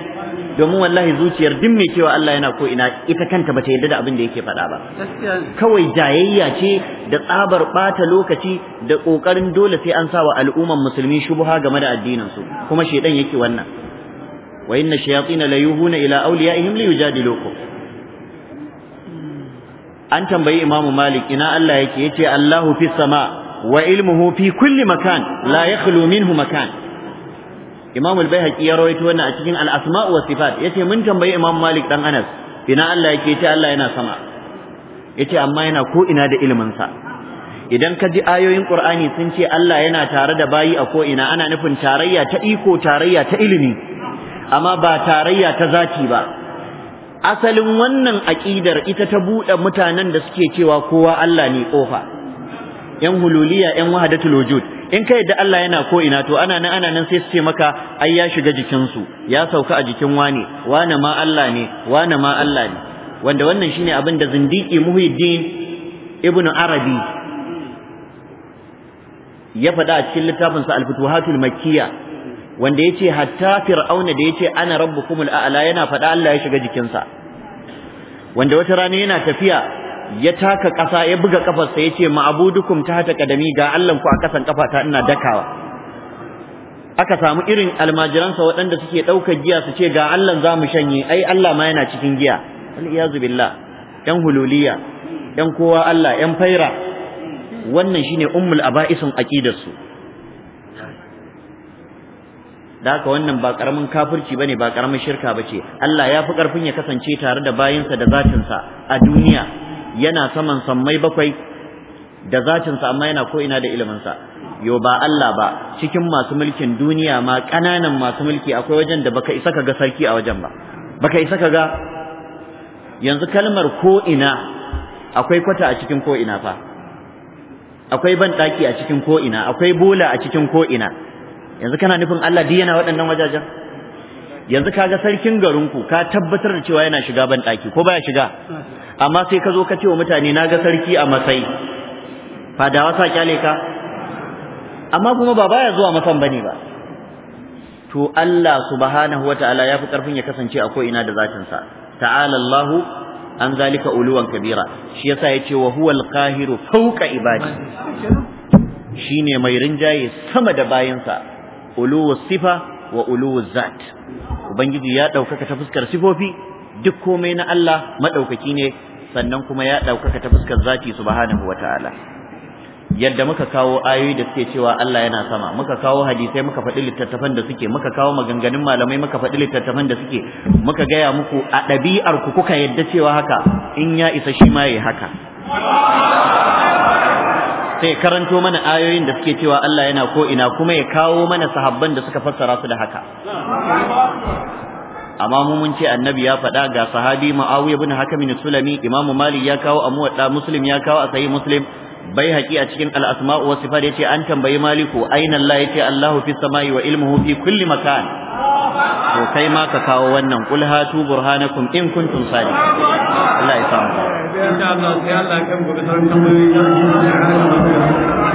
domin wallahi zuciyar duk mai cewa Allah yana ko ina ita kanta bata yarda da abin da yake faɗa ba kawai jayayya ce da tsabar ɓata lokaci da ƙoƙarin dole sai an sa wa al'umman musulmi shubuha game da addinin su kuma shedan yake wannan wa inna shayatin la yuhuna ila awliyaihim li yujadilukum an tambayi imamu malik ina Allah yake yace Allahu fis sama wa ilmuhu fi kulli makan la yakhlu minhu makan Imam al-Baihaqi ya rawaito wannan a cikin al-Asma' wa Sifat yace mun tambayi Imam Malik dan Anas ina Allah yake ce Allah yana sama yace amma yana ko ina da ilimin sa idan ka ji ayoyin Qur'ani sun ce Allah yana tare da bayi a ko ina ana nufin tarayya ta iko tarayya ta ilimi amma ba tarayya ta zati ba asalin wannan aƙidar ita ta buɗe mutanen da suke cewa kowa Allah ne ƙofa yan hululiya yan wahadatul wujud in ka yadda Allah yana ko ina to ana nan ana nan sai su ce maka ai ya shiga jikin su ya sauka a jikin wani wane ma Allah ne wane ma Allah ne wanda wannan shine abin da zindiki muhiddin Ibn Arabi ya faɗa a cikin littafinsa Al-Futuhatul Makkiyya wanda yace hatta fir'auna da yace ana rabbukumul a'la yana faɗa Allah ya shiga jikinsa wanda wata rana yana tafiya ya taka ƙasa ya buga ƙafarsa, ya ce ma'abudukum ta hata kadami ga Allahnku a ƙasan kafata ina dakawa aka samu irin almajiransa waɗanda suke ɗaukar giya su ce ga Allah za mu shanye ai Allah ma yana cikin giya al'iyazu billah ƴan hululiya yan kowa Allah ɗan faira wannan shine ummul aba'isun aqidarsu da haka wannan ba karamin kafirci bane ba karamin shirka bace Allah ya fi karfin ya kasance tare da bayinsa da zatinsa a duniya yana saman sammai bakwai da zacinsa amma yana ko ina da iliminsa yo ba Allah ba cikin masu mulkin duniya ma ƙananan masu mulki akwai wajen da baka isa ka ga sarki a wajen ba baka isa ka ga yanzu kalmar ko ina akwai kwata a cikin ko ina fa akwai ban daki a cikin ko ina akwai bola a cikin ko ina yanzu kana nufin Allah duk yana waɗannan wajajen yanzu kaga sarkin garinku ka tabbatar da cewa yana shiga ban daki ko baya shiga amma sai ka zo ka ce wa mutane na ga sarki a matsayi fadawa sa kyale ka amma kuma ba baya zuwa masan bane ba to Allah subhanahu wataala ya fi karfin ya kasance a ko ina da zatin sa ta'ala Allah an zalika uluwan kabira shi yasa yace wa huwal qahiru fawqa ibadi shine mai rinjaye sama da bayansa uluwu sifa wa uluwu zat ubangiji ya ɗaukaka ta fuskar sifofi duk komai na Allah madaukaki ne sannan kuma ya ɗaukaka ta fuskar zati subhanahu wa ta'ala yadda muka kawo ayoyi da suke cewa Allah yana sama muka kawo hadisai muka faɗi littattafan da suke muka kawo maganganun malamai muka faɗi littattafan da suke muka gaya muku a ɗabi'ar ku kuka yadda cewa haka in ya isa shi ma yayi haka sai karanto mana ayoyin da suke cewa Allah yana ko ina kuma ya kawo mana sahabban da suka fassara su da haka amma mu mun ce annabi ya faɗa ga sahabi Muawiya ibn Hakim sulami Imam Malik ya kawo a Muwadda Muslim ya kawo a sayi Muslim bai haƙi a cikin al-asma'u wa sifat yace an tambayi Maliku aina Allah yace Allahu fi samai wa ilmuhu fi kulli makan to kai ma ka kawo wannan qul hatu burhanakum in kuntum sadiqin Allah ya samu insha Allah sai Allah kan gobe sauran tambayoyi